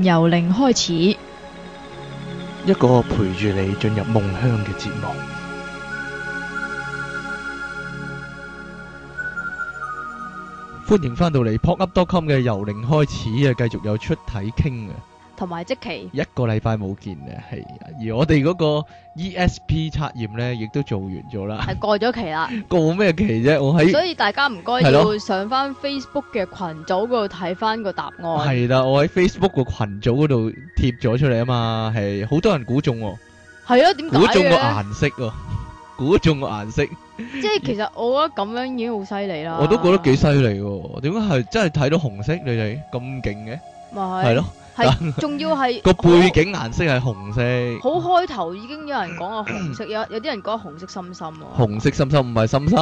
由零開始，一個陪住你進入夢鄉嘅節目。歡迎翻到嚟 pop up.com 嘅由零開始啊，繼續有出體傾啊！同埋即期一個禮拜冇見咧，係而我哋嗰個 ESP 測驗咧，亦都做完咗啦，係過咗期啦，過咩期啫？我喺所以大家唔該要上翻 Facebook 嘅群組嗰度睇翻個答案係啦，我喺 Facebook 個群組嗰度貼咗出嚟啊嘛，係好多人估中喎，係咯？點估中個顏色？估中個顏色，即係其實我覺得咁樣已經好犀利啦，我都覺得幾犀利喎，點解係真係睇到紅色？你哋咁勁嘅，係咯？係，仲要係個背景顏色係紅色。好開頭已經有人講個紅色，有有啲人講紅色深深啊。紅色深深唔係深深，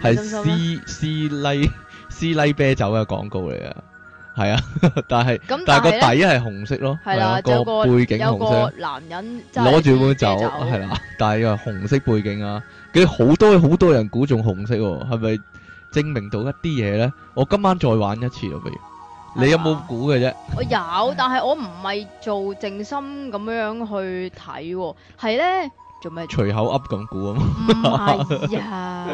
係思思禮思禮啤酒嘅廣告嚟啊，係啊，但係但係個底係紅色咯，係啊個背景紅色。有個男人攞住杯酒係啦，但係呢個係紅色背景啊。佢好多好多人估中紅色，係咪證明到一啲嘢咧？我今晚再玩一次咯，不如。你有冇估嘅啫？我有，但係我唔係做靜心咁樣去睇，啊，係咧。做咩隨口噏咁估啊嘛？唔係呀，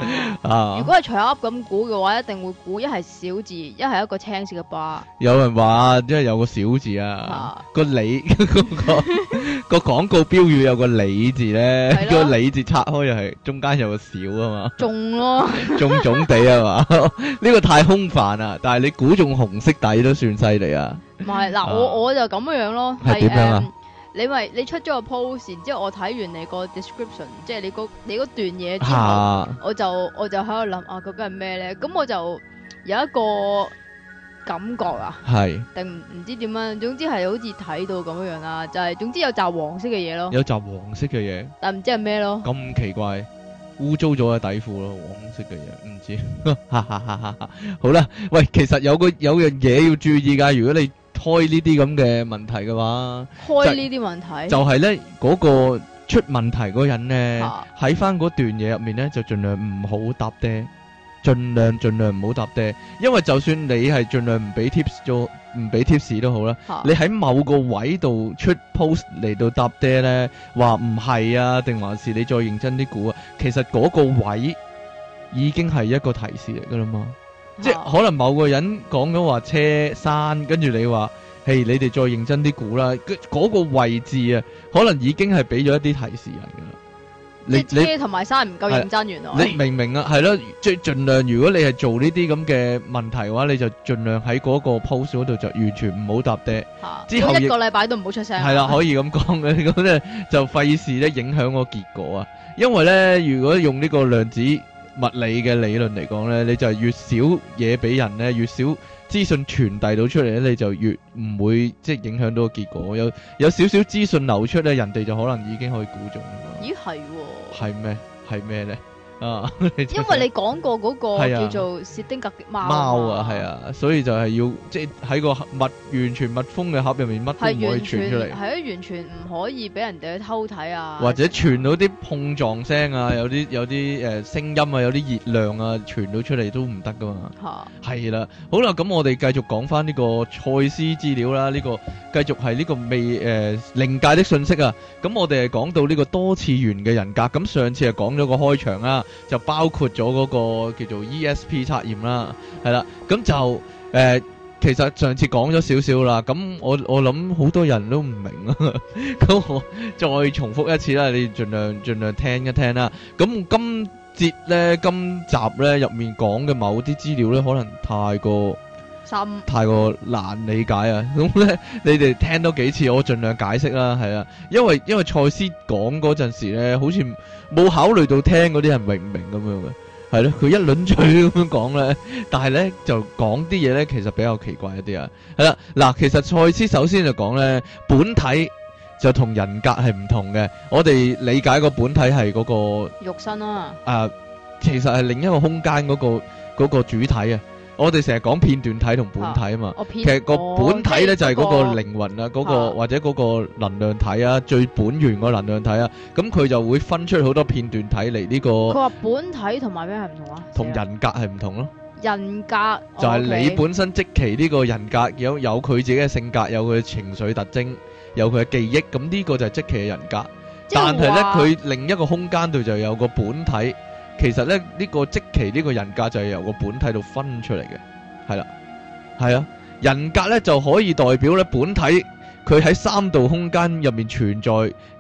如果係隨口噏咁估嘅話，一定會估一係小字，一係一個青色嘅把。有人話，因為有個小字啊，個李嗰個廣告標語有個李字咧，個李字拆開又係中間有個小啊嘛。中咯，中中地啊嘛，呢個太空泛啊，但係你估中紅色底都算犀利啊。唔係嗱，我我就咁樣咯。係點樣啊？你咪你出咗個 post，然之後我睇完你個 description，即係你個你嗰段嘢之後，我就我就喺度諗啊，究竟係咩咧？咁我就有一個感覺啊，係定唔知點樣啊？總之係好似睇到咁樣樣啦，就係總之有集黃色嘅嘢咯，有集黃色嘅嘢，但唔知係咩咯？咁奇怪，污糟咗嘅底褲咯，黃色嘅嘢，唔知，哈哈哈哈！好啦，喂，其實有個有樣嘢要注意噶，如果你。開呢啲咁嘅問題嘅話，開呢啲問題就係、是就是、呢嗰、那個出問題嗰人呢，喺翻嗰段嘢入面呢，就盡量唔好搭爹，盡量盡量唔好搭爹，因為就算你係盡量唔俾 tips 唔俾 tips 都好啦，啊、你喺某個位度出 post 嚟，到搭爹呢，話唔係啊，定還是你再認真啲估啊？其實嗰個位已經係一個提示嚟噶啦嘛。即係可能某個人講咗話車山，跟住，你話，誒，你哋再認真啲估啦。嗰個位置啊，可能已經係俾咗一啲提示人噶啦。即係車同埋山唔夠認真，原來。你明唔明啊？係咯，即係盡量，如果你係做呢啲咁嘅問題嘅話，你就盡量喺嗰個 pose 嗰度，就完全唔好搭爹。吓，之後一個禮拜都唔好出聲。係啦，可以咁講嘅，咁咧就費事咧影響個結果啊。因為咧，如果用呢個量子物理嘅理論嚟講咧，你就係越少嘢俾人咧，越少資訊傳遞到出嚟咧，你就越唔會即係影響到個結果。有有少少資訊流出咧，人哋就可能已經可以估中。咦係喎？係咩、哦？係咩咧？啊！ 就是，因為你講過嗰個叫做薛丁格貓啊，係啊，啊，啊，所以就係要即係喺個密完全密封嘅盒入面，乜都唔可以傳出嚟，係啊，完全唔可以俾人哋去偷睇啊，或者傳到啲碰撞聲啊， 有啲有啲誒、呃、聲音啊，有啲熱量啊，傳到出嚟都唔得噶嘛，係啦、啊，好啦，咁我哋繼續講翻呢個賽斯資料啦，呢、這個繼續係呢個未誒靈、呃、界的訊息啊，咁我哋係講到呢個多次元嘅人格，咁上次係講咗個開場啦。就包括咗嗰、那個叫做 ESP 測驗啦，係啦，咁就誒、呃，其實上次講咗少少啦，咁我我諗好多人都唔明啊，咁 我再重複一次啦，你盡量盡量聽一聽啦，咁今節呢，今集呢，入面講嘅某啲資料呢，可能太過，太過難理解啊！咁咧，你哋聽多幾次，我盡量解釋啦，係啦，因為因為賽斯講嗰陣時咧，好似冇考慮到聽嗰啲人明唔明咁樣嘅，係咯，佢一輪嘴咁樣講咧，但係咧就講啲嘢咧，其實比較奇怪一啲啊，係啦，嗱，其實賽斯首先就講咧，本體就同人格係唔同嘅，我哋理解個本體係嗰個肉身啦，啊，其實係另一個空間嗰個嗰個主體啊。我哋成日講片段體同本體啊嘛，啊其實個本體呢，哦、okay，就係嗰個靈魂啊，嗰、啊、個或者嗰個能量體啊，最本源個能量體啊，咁佢就會分出好多片段體嚟呢個。佢話本體同埋咩係唔同啊？同人格係唔同咯。人格就係你本身即其呢個人格，有有佢自己嘅性格，有佢嘅情緒特徵，有佢嘅記憶，咁呢個就係即其嘅人格。但係呢，佢哇另一個空間度就有個本體。其實呢個即期，呢個人格就係由個本體度分出嚟嘅，係啦，係啊，人格呢就可以代表咧本體。佢喺三度空間入面存在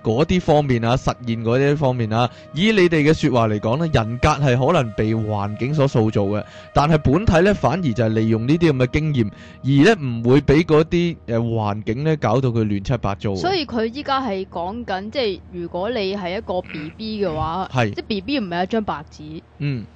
嗰啲方面啊，實現嗰啲方面啊，以你哋嘅説話嚟講咧，人格係可能被環境所塑造嘅，但係本體咧反而就係利用呢啲咁嘅經驗，而咧唔會俾嗰啲誒環境咧搞到佢亂七八糟。所以佢依家係講緊，即係如果你係一個 B B 嘅話，係、嗯、即 B B 唔係一張白紙，嗯。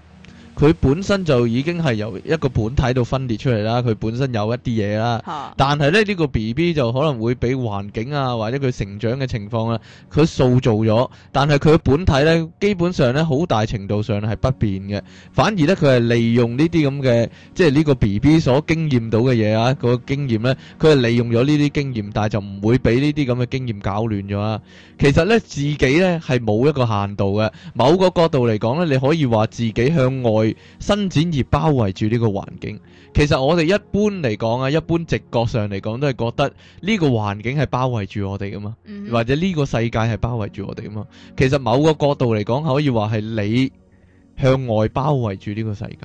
佢本身就已經係由一個本體度分裂出嚟啦，佢本身有一啲嘢啦，啊、但係咧呢、呢個 B B 就可能會俾環境啊或者佢成長嘅情況啊，佢塑造咗，但係佢嘅本體咧基本上咧好大程度上係不變嘅，反而咧佢係利用呢啲咁嘅，即係呢個 B B 所經驗到嘅嘢啊個經驗咧，佢係利用咗呢啲經驗，但係就唔會俾呢啲咁嘅經驗搞亂咗啊，其實咧自己咧係冇一個限度嘅，某個角度嚟講咧，你可以話自己向外。伸展而包圍住呢個環境，其實我哋一般嚟講啊，一般直覺上嚟講都係覺得呢個環境係包圍住我哋噶嘛，mm hmm. 或者呢個世界係包圍住我哋噶嘛。其實某個角度嚟講，可以話係你向外包圍住呢個世界。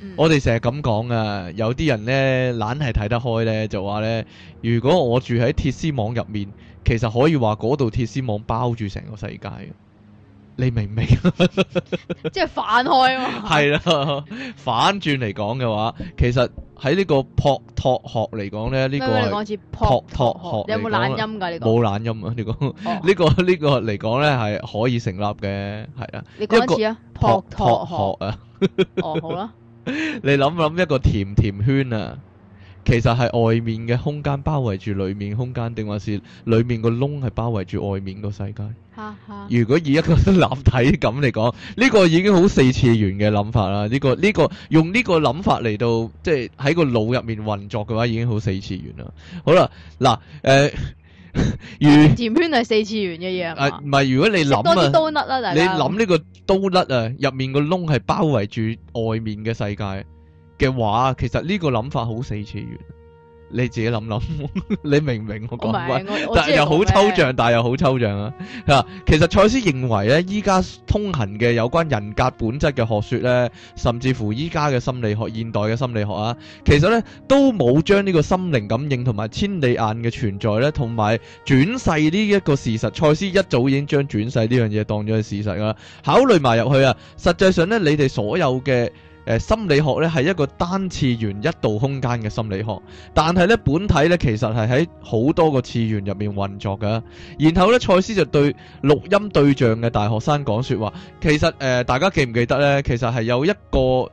Mm hmm. 我哋成日咁講啊，有啲人呢，懶係睇得開呢，就話呢：「如果我住喺鐵絲網入面，其實可以話嗰度鐵絲網包住成個世界。你明唔明？ 即係反開啊嘛！係啦，反轉嚟講嘅話，其實喺呢麼個撲托學嚟講咧，有有 呢個撲托學有冇懶音噶？呢個冇懶音啊！你講呢個呢個嚟講咧係可以成立嘅，係啦。你講一次啊！撲托 學啊，哦好啦，你諗諗一個甜甜圈啊，其實係外面嘅空間包圍住裏面空間，定還是裏面個窿係包圍住外面個世界？吓吓！如果以一個立體感嚟講，呢、呢個已經好四次元嘅諗法啦。呢、呢個呢、呢個用呢個諗法嚟到，即係喺個腦入面運作嘅話，已經好四次元啦。好啦，嗱，誒、呃，圓甜圈係四次元嘅嘢，唔係，如果你諗多啲刀甩啦，你諗呢個刀甩啊，入、啊、面個窿係包圍住外面嘅世界嘅話，其實呢個諗法好四次元。你自己諗諗， 你明唔明我講乜？'m not, 但係又好抽象，'m 但係又好抽象啊！嚇 其實賽斯認為咧，依家通行嘅有關人格本質嘅學説咧，甚至乎依家嘅心理學、現代嘅心理學啊，其實咧都冇將呢個心靈感應同埋千里眼嘅存在咧，同埋轉世呢一個事實，賽斯一早已經將轉世呢樣嘢當咗係事實噶啦，考慮埋入去啊！實際上咧，你哋所有嘅。誒、呃、心理學咧係一個單次元一度空間嘅心理學，但係咧本體咧其實係喺好多個次元入面運作嘅。然後咧，賽斯就對錄音對象嘅大學生講説話。其實誒、呃，大家記唔記得咧？其實係有一個誒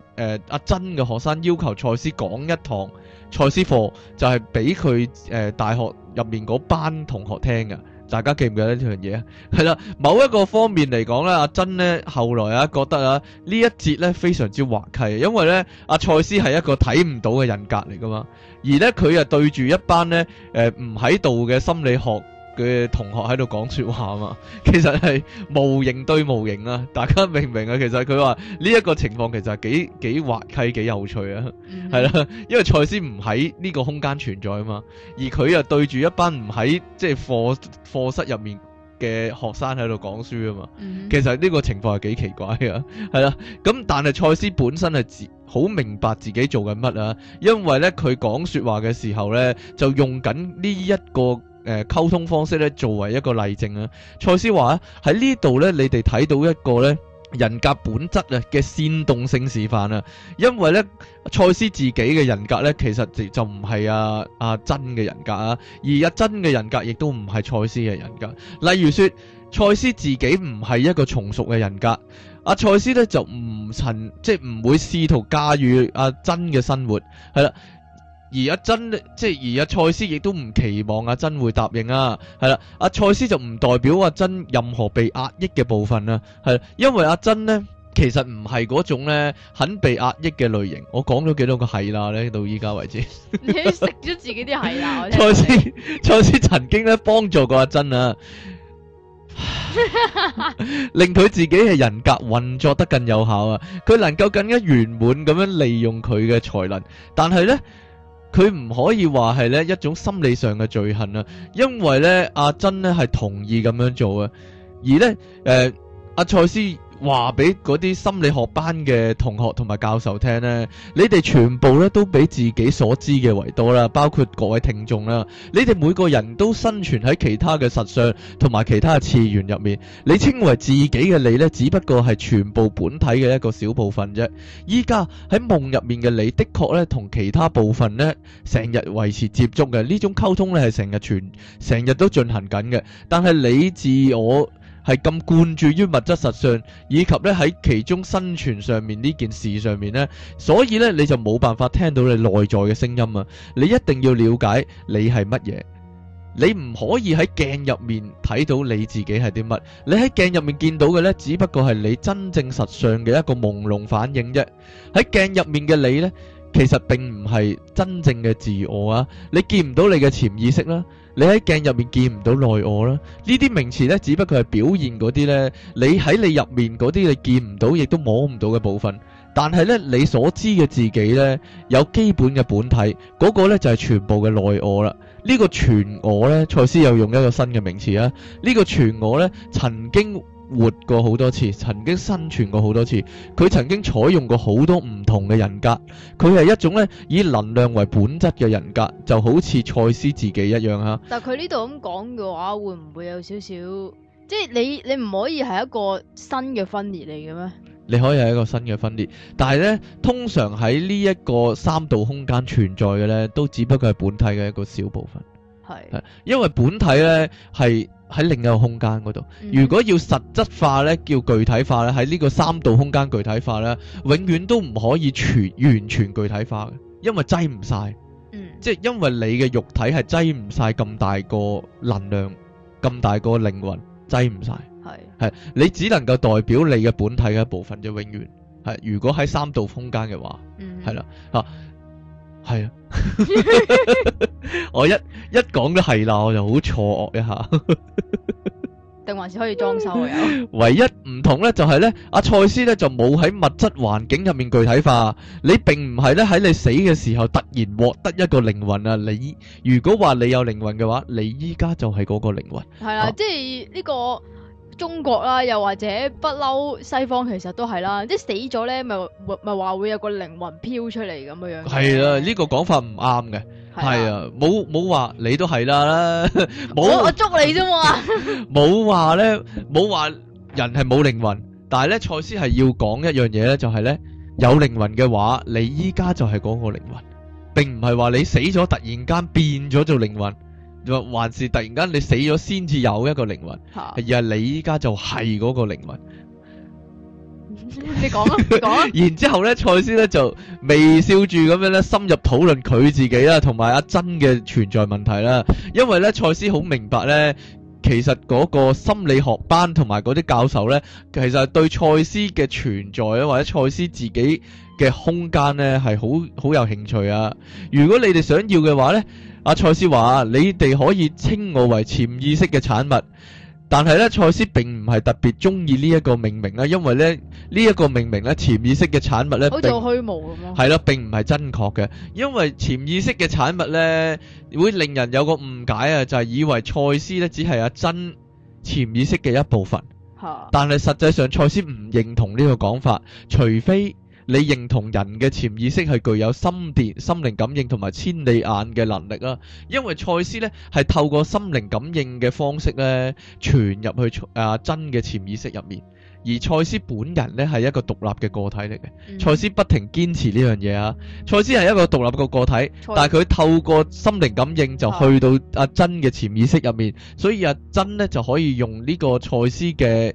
阿珍嘅學生要求賽斯講一堂賽斯課，課就係俾佢誒大學入面嗰班同學聽嘅。大家記唔記得呢樣嘢啊？係啦，某一個方面嚟講咧，阿珍咧後來啊覺得啊呢一節咧非常之滑稽，因為咧阿賽斯係一個睇唔到嘅人格嚟噶嘛，而咧佢啊對住一班咧誒唔喺度嘅心理學。佢嘅同學喺度講說話嘛，其實係無形對無形啊，大家明唔明啊？其實佢話呢一個情況其實係幾幾滑稽，幾有趣啊，係啦，mm，hmm. 因為賽斯唔喺呢個空間存在啊嘛，而佢又對住一班唔喺即係課課室入面嘅學生喺度講書啊嘛，mm hmm. 其實呢個情況係幾奇怪 啊，係啦，咁但係賽斯本身係自好明白自己做緊乜啊，因為咧佢講說話嘅時候咧就用緊呢一個。誒，溝、呃、通方式咧，作為一個例證啦。賽斯話喺呢度咧，你哋睇到一個咧人格本質啊嘅煽動性示範啊。因為咧，賽斯自己嘅人格咧，其實就唔係阿阿珍嘅人格啊。而阿珍嘅人格亦都唔係賽斯嘅人格。例如說，賽斯自己唔係一個從屬嘅人格。阿賽斯咧就唔曾即係唔會試圖駕馭阿珍嘅生活，係啦。而阿珍，即係而阿賽斯亦都唔期望阿珍會答應啊。係啦，阿賽斯就唔代表阿珍任何被壓抑嘅部分啦，啊。係，因為阿珍咧其實唔係嗰種咧肯被壓抑嘅類型。我講咗幾多個係啦，咧到依家為止，你食咗自己啲係啦。賽斯賽斯曾經咧幫助過阿珍啊， 令佢自己係人格運作得更有效啊。佢能夠更加圓滿咁樣利用佢嘅才能，但係咧。佢唔可以話係咧一種心理上嘅罪行啊，因為咧阿珍咧係同意咁樣做嘅，而咧誒、呃、阿賽斯。話俾嗰啲心理學班嘅同學同埋教授聽呢，你哋全部咧都比自己所知嘅為多啦，包括各位聽眾啦，你哋每個人都生存喺其他嘅實相同埋其他嘅次元入面，你稱為自己嘅你呢，只不過係全部本體嘅一個小部分啫。依家喺夢入面嘅你，的確咧同其他部分呢，成日維持接觸嘅，呢種溝通咧係成日全成日都進行緊嘅，但係你自我，係咁灌注於物質實相，以及咧喺其中生存上面呢件事上面呢。所以咧你就冇辦法聽到你內在嘅聲音啊！你一定要了解你係乜嘢，你唔可以喺鏡入面睇到你自己係啲乜，你喺鏡入面見到嘅咧，只不過係你真正實相嘅一個朦朧反應啫。喺鏡入面嘅你呢，其實並唔係真正嘅自我啊！你見唔到你嘅潛意識啦。你喺鏡入面見唔到內我啦，呢啲名詞呢，只不過係表現嗰啲呢。你喺你入面嗰啲你見唔到，亦都摸唔到嘅部分。但係呢，你所知嘅自己呢，有基本嘅本體，嗰、那個咧就係、是、全部嘅內我啦。呢、這個全我呢，賽斯又用一個新嘅名詞啊。呢、這個全我呢，曾經，活過好多次，曾經生存過好多次，佢曾經採用過好多唔同嘅人格，佢係一種咧以能量為本質嘅人格，就好似賽斯自己一樣哈。但佢呢度咁講嘅話，會唔會有少少？即係你你唔可以係一個新嘅分裂嚟嘅咩？你可以係一個新嘅分裂，但係呢，通常喺呢一個三度空間存在嘅呢，都只不過係本體嘅一個小部分。係是，因為本體呢係。喺另一個空間嗰度，如果要實質化咧，叫具體化咧，喺呢個三度空間具體化咧，永遠都唔可以全完全具體化嘅，因為擠唔晒。嗯，即係因為你嘅肉體係擠唔晒咁大個能量，咁大個靈魂擠唔晒。係係，你只能夠代表你嘅本體嘅一部分啫。永遠係，如果喺三度空間嘅話，嗯，係啦，嚇係啊。我一一講都係啦，我就好錯愕一下，定 還是可以裝修啊？唯一唔同咧，就係、是、咧，阿賽斯咧就冇喺物質環境入面具體化。你並唔係咧喺你死嘅時候突然獲得一個靈魂啊！你如果話你有靈魂嘅話，你依家就係嗰個靈魂。係啦、啊，啊、即係呢、呢個中國啦，又或者不嬲西方，其實都係啦。即係死咗咧，咪咪咪話會有個靈魂飄出嚟，咁嘅樣。係啦、啊，呢、呢個講法唔啱嘅。係啊，冇冇話你都係啦冇 沒我捉你啫嘛，冇話呢。冇話人係冇靈魂，但係呢，賽斯係要講一樣嘢，呢，就係呢：有靈魂嘅話，你依家就係嗰個靈魂，並唔係話你死咗突然間變咗做靈魂，或還是突然間你死咗先至有一個靈魂， 而係你依家就係嗰個靈魂。你講啊！你講啊！ 然之後咧，賽斯咧就微笑住咁樣咧，深入討論佢自己啦，同埋阿珍嘅存在問題啦。因為咧，賽斯好明白咧，其實嗰個心理學班同埋嗰啲教授咧，其實係對賽斯嘅存在啊，或者賽斯自己嘅空間咧，係好好有興趣啊。如果你哋想要嘅話咧，阿賽斯話，你哋可以稱我為潛意識嘅產物。但係咧，賽斯並唔係特別中意呢一個命名啦，因為咧呢一、這個命名咧，潛意識嘅產物咧，好似虛無咁咯。係啦，並唔係真確嘅，因為潛意識嘅產物咧會令人有個誤解啊，就係、是、以為賽斯咧只係阿真潛意識嘅一部分。吓的，但係實際上賽斯唔認同呢個講法，除非。你認同人嘅潛意識係具有心電、心靈感應同埋千里眼嘅能力啊。因為賽斯呢係透過心靈感應嘅方式呢傳入去阿珍嘅潛意識入面，而賽斯本人呢係一個獨立嘅個體嚟嘅。賽、嗯、斯不停堅持呢樣嘢啊，賽斯係一個獨立嘅個體，塞但係佢透過心靈感應就去到阿、啊啊、珍嘅潛意識入面，所以阿、啊、珍呢就可以用呢個賽斯嘅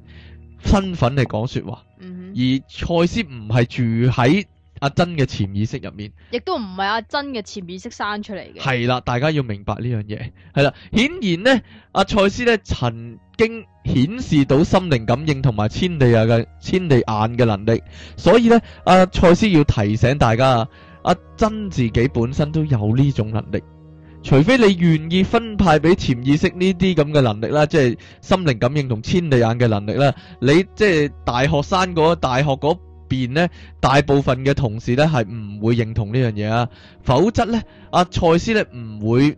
身份嚟講説話。嗯而賽斯唔係住喺阿珍嘅潛意識入面，亦都唔係阿珍嘅潛意識生出嚟嘅。係啦，大家要明白呢樣嘢。係啦，顯然呢，阿賽斯呢曾經顯示到心靈感應同埋千,千里眼嘅千里眼嘅能力，所以呢，阿賽斯要提醒大家啊，阿珍自己本身都有呢種能力。除非你願意分派俾潛意識呢啲咁嘅能力啦，即係心靈感應同千里眼嘅能力啦，你即係大學生嗰大學嗰邊咧，大部分嘅同事呢係唔會認同呢樣嘢啊，否則呢，阿賽斯咧唔會。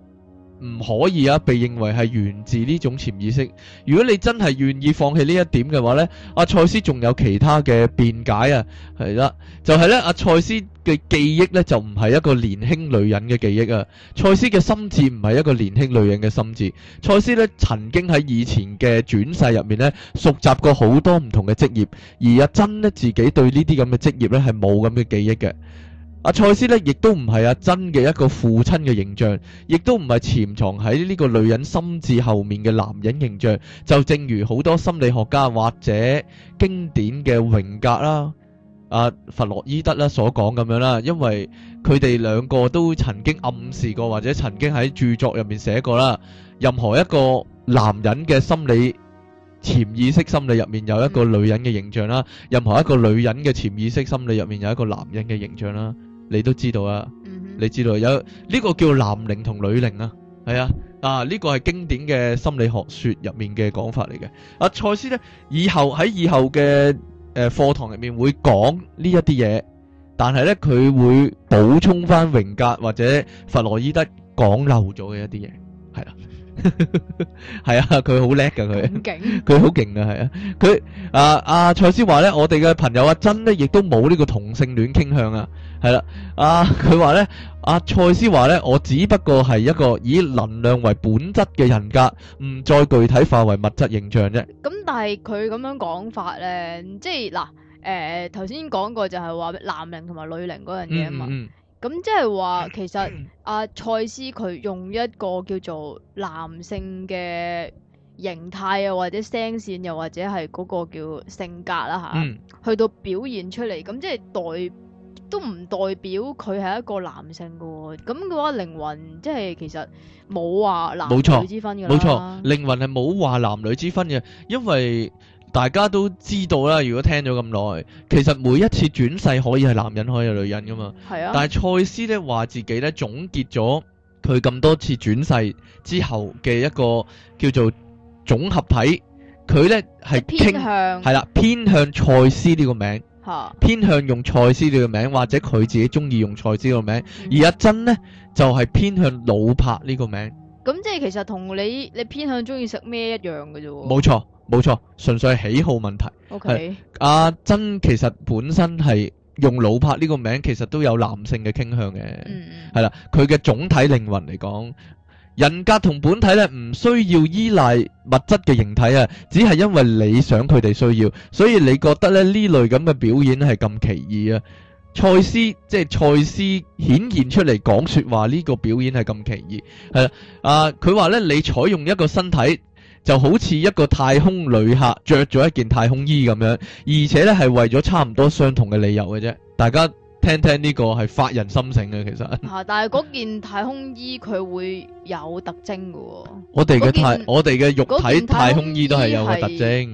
唔可以啊，被認為係源自呢種潛意識。如果你真係願意放棄呢一點嘅話呢，阿賽斯仲有其他嘅辯解啊，係啦，就係呢，阿賽斯嘅記憶呢，就唔係一個年輕女人嘅記憶啊，賽斯嘅心智唔係一個年輕女人嘅心智。賽斯呢曾經喺以前嘅轉世入面呢，熟習過好多唔同嘅職業，而阿珍呢，自己對呢啲咁嘅職業呢，係冇咁嘅記憶嘅。阿賽、啊、斯咧，亦都唔係阿珍嘅一個父親嘅形象，亦都唔係潛藏喺呢個女人心智後面嘅男人形象。就正如好多心理學家或者經典嘅榮格啦、阿、啊、弗洛伊德啦，所講咁樣啦，因為佢哋兩個都曾經暗示過，或者曾經喺著作入面寫過啦。任何一個男人嘅心理潛意識心理入面有一個女人嘅形象啦，任何一個女人嘅潛意識心理入面有一個男人嘅形象啦。你都知道啊，mm hmm. 你知道有呢、這個叫男靈同女靈啊，係啊，啊呢、這個係經典嘅心理學說入面嘅講法嚟嘅。阿、啊、賽斯呢，以後喺以後嘅誒、呃、課堂入面會講呢一啲嘢，但係呢，佢會補充翻榮格或者弗洛伊德講漏咗嘅一啲嘢。係 啊，佢好叻噶佢，佢好勁啊係啊，佢啊啊賽斯話咧，我哋嘅朋友阿、啊、真咧，亦都冇呢個同性戀傾向啊，係啦、啊，啊佢話咧，阿、啊、賽斯話咧，我只不過係一個以能量為本質嘅人格，唔再具體化為物質形象啫。咁但係佢咁樣講法咧，即係嗱，誒頭先講過就係話男靈同埋女靈嗰樣嘢嘛。咁即係話，其實阿賽斯佢用一個叫做男性嘅形態啊，或者聲線，又或者係嗰個叫性格啦吓，去到表現出嚟，咁即係代都唔代表佢係一個男性噶。咁嘅話，靈魂即係其實冇話男女之分噶啦。冇錯，靈魂係冇話男女之分嘅，因為。大家都知道啦，如果聽咗咁耐，其實每一次轉世可以係男人，可以係女人噶嘛。係啊。但係賽斯咧話自己咧總結咗佢咁多次轉世之後嘅一個叫做總合體，佢咧係傾向係啦，偏向賽斯呢個名，吓，偏向用賽斯呢個名，或者佢自己中意用賽斯個名。嗯、而阿珍呢，就係、是、偏向老柏呢個名。咁即係其實同你你偏向中意食咩一樣嘅啫。冇錯。冇錯，純粹係喜好問題。係阿 Okay.、啊、曾其實本身係用老拍呢個名，其實都有男性嘅傾向嘅。係啦、mm-hmm，佢嘅總體靈魂嚟講，人格同本體咧唔需要依賴物質嘅形體啊，只係因為你想佢哋需要。所以你覺得咧呢類咁嘅表演係咁奇異啊？賽斯即係賽斯顯現出嚟講說話呢個表演係咁奇異，係啦。啊，佢話咧你採用一個身體。就好似一個太空旅客着咗一件太空衣咁樣，而且咧係為咗差唔多相同嘅理由嘅啫。大家聽聽呢個係發人心省嘅，其實吓。但係嗰件太空衣佢會有特徵嘅、哦。我哋嘅太，件我哋嘅肉體太空衣都係有個特徵。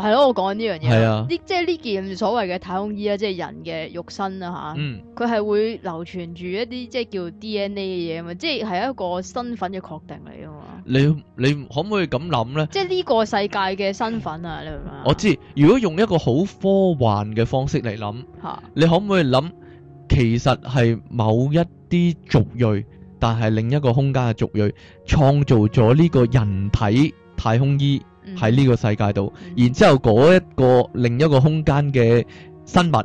係咯，我講緊呢樣嘢。啲即係呢件所謂嘅太空衣啦，即係人嘅肉身啦，吓，佢係會流傳住一啲即係叫 DNA 嘅嘢啊嘛，即係係一個身份嘅確定嚟啊嘛。你你可唔可以咁諗咧？即係呢個世界嘅身份啊，你明唔明？我知，如果用一個好科幻嘅方式嚟諗，你可唔可以諗，其實係某一啲族裔，但係另一個空間嘅族裔創造咗呢個人體太空衣。喺呢、嗯、個世界度，嗯、然之後嗰、那、一個另一個空間嘅生物，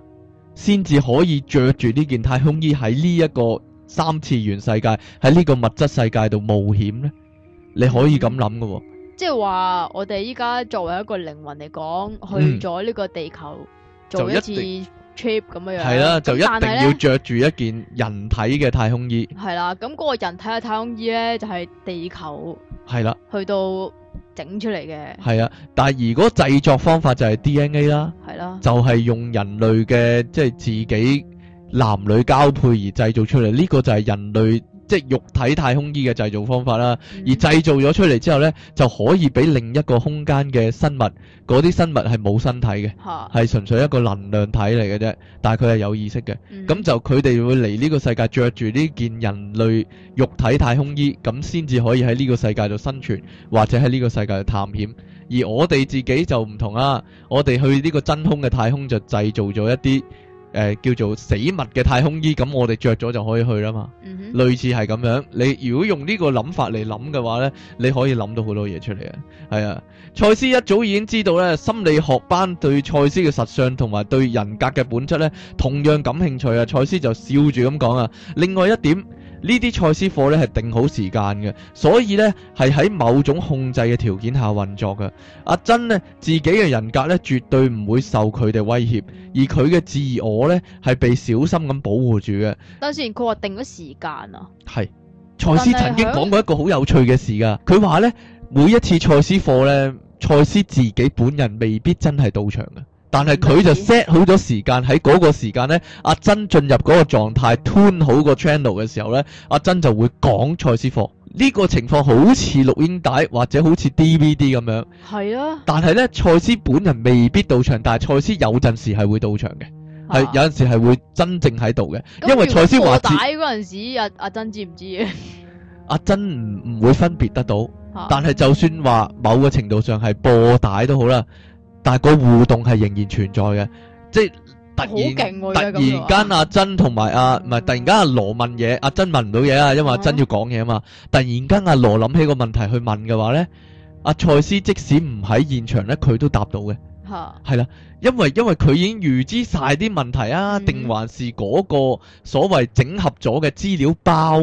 先至可以着住呢件太空衣喺呢一個三次元世界，喺呢個物質世界度冒險呢。你可以咁諗嘅，即係話我哋依家作為一個靈魂嚟講，去咗呢個地球、嗯、做一次 trip 咁樣樣。係啦、啊，就一定要着住一件人體嘅太空衣。係啦、啊，咁、那、嗰、個、人體嘅太空衣呢，就係、是、地球。係啦、啊，去到。整出嚟嘅係啊，但係如果製作方法就係 D N A 啦，係咯，就係用人類嘅即係自己男女交配而製造出嚟，呢個就係人類。即係肉體太空衣嘅製造方法啦，嗯、而製造咗出嚟之後呢，就可以俾另一個空間嘅生物，嗰啲生物係冇身體嘅，係哈純粹一個能量體嚟嘅啫。但係佢係有意識嘅，咁、嗯、就佢哋會嚟呢個世界着住呢件人類肉體太空衣，咁先至可以喺呢個世界度生存，或者喺呢個世界度探險。而我哋自己就唔同啦，我哋去呢個真空嘅太空就製造咗一啲。誒、呃、叫做死物嘅太空衣，咁我哋着咗就可以去啦嘛。Mm hmm. 類似係咁樣，你如果用呢個諗法嚟諗嘅話呢，你可以諗到好多嘢出嚟啊。係啊，賽斯一早已經知道咧，心理學班對賽斯嘅實相同埋對人格嘅本質呢，同樣感興趣啊。賽斯就笑住咁講啊，另外一點。賽呢啲賽斯課呢係定好時間嘅，所以呢係喺某種控制嘅條件下運作嘅。阿珍呢，自己嘅人格呢絕對唔會受佢哋威脅，而佢嘅自我呢係被小心咁保護住嘅。當然佢話定咗時間啊，係賽斯曾經講過一個好有趣嘅事噶，佢話呢，每一次賽斯課呢，賽斯自己本人未必真係到場嘅。但係佢就 set 好咗時間喺嗰個時間咧，阿珍進入嗰個狀態，turn、mm hmm. 好個 channel 嘅時候呢，阿珍就會講賽斯話。呢、這個情況好似錄音帶或者好似 DVD 咁樣。係啊。但係呢，賽斯本人未必到場，但係賽斯有陣時係會到場嘅，係、啊、有陣時係會真正喺度嘅。啊、因為賽斯播帶嗰陣時，阿、啊啊、珍知唔知阿、啊、珍唔唔會分別得到。啊、但係就算話某個程度上係播帶都好啦。但係個互動係仍然存在嘅，即係突然突然間，阿珍同埋阿，唔係突然間阿羅問嘢，阿珍問唔到嘢啊，因為阿珍要講嘢啊嘛。突然間阿羅諗起個問題去問嘅話咧，阿賽斯即使唔喺現場咧，佢都答到嘅。嚇，係啦，因為因為佢已經預知晒啲問題啊，定還是嗰個所謂整合咗嘅資料包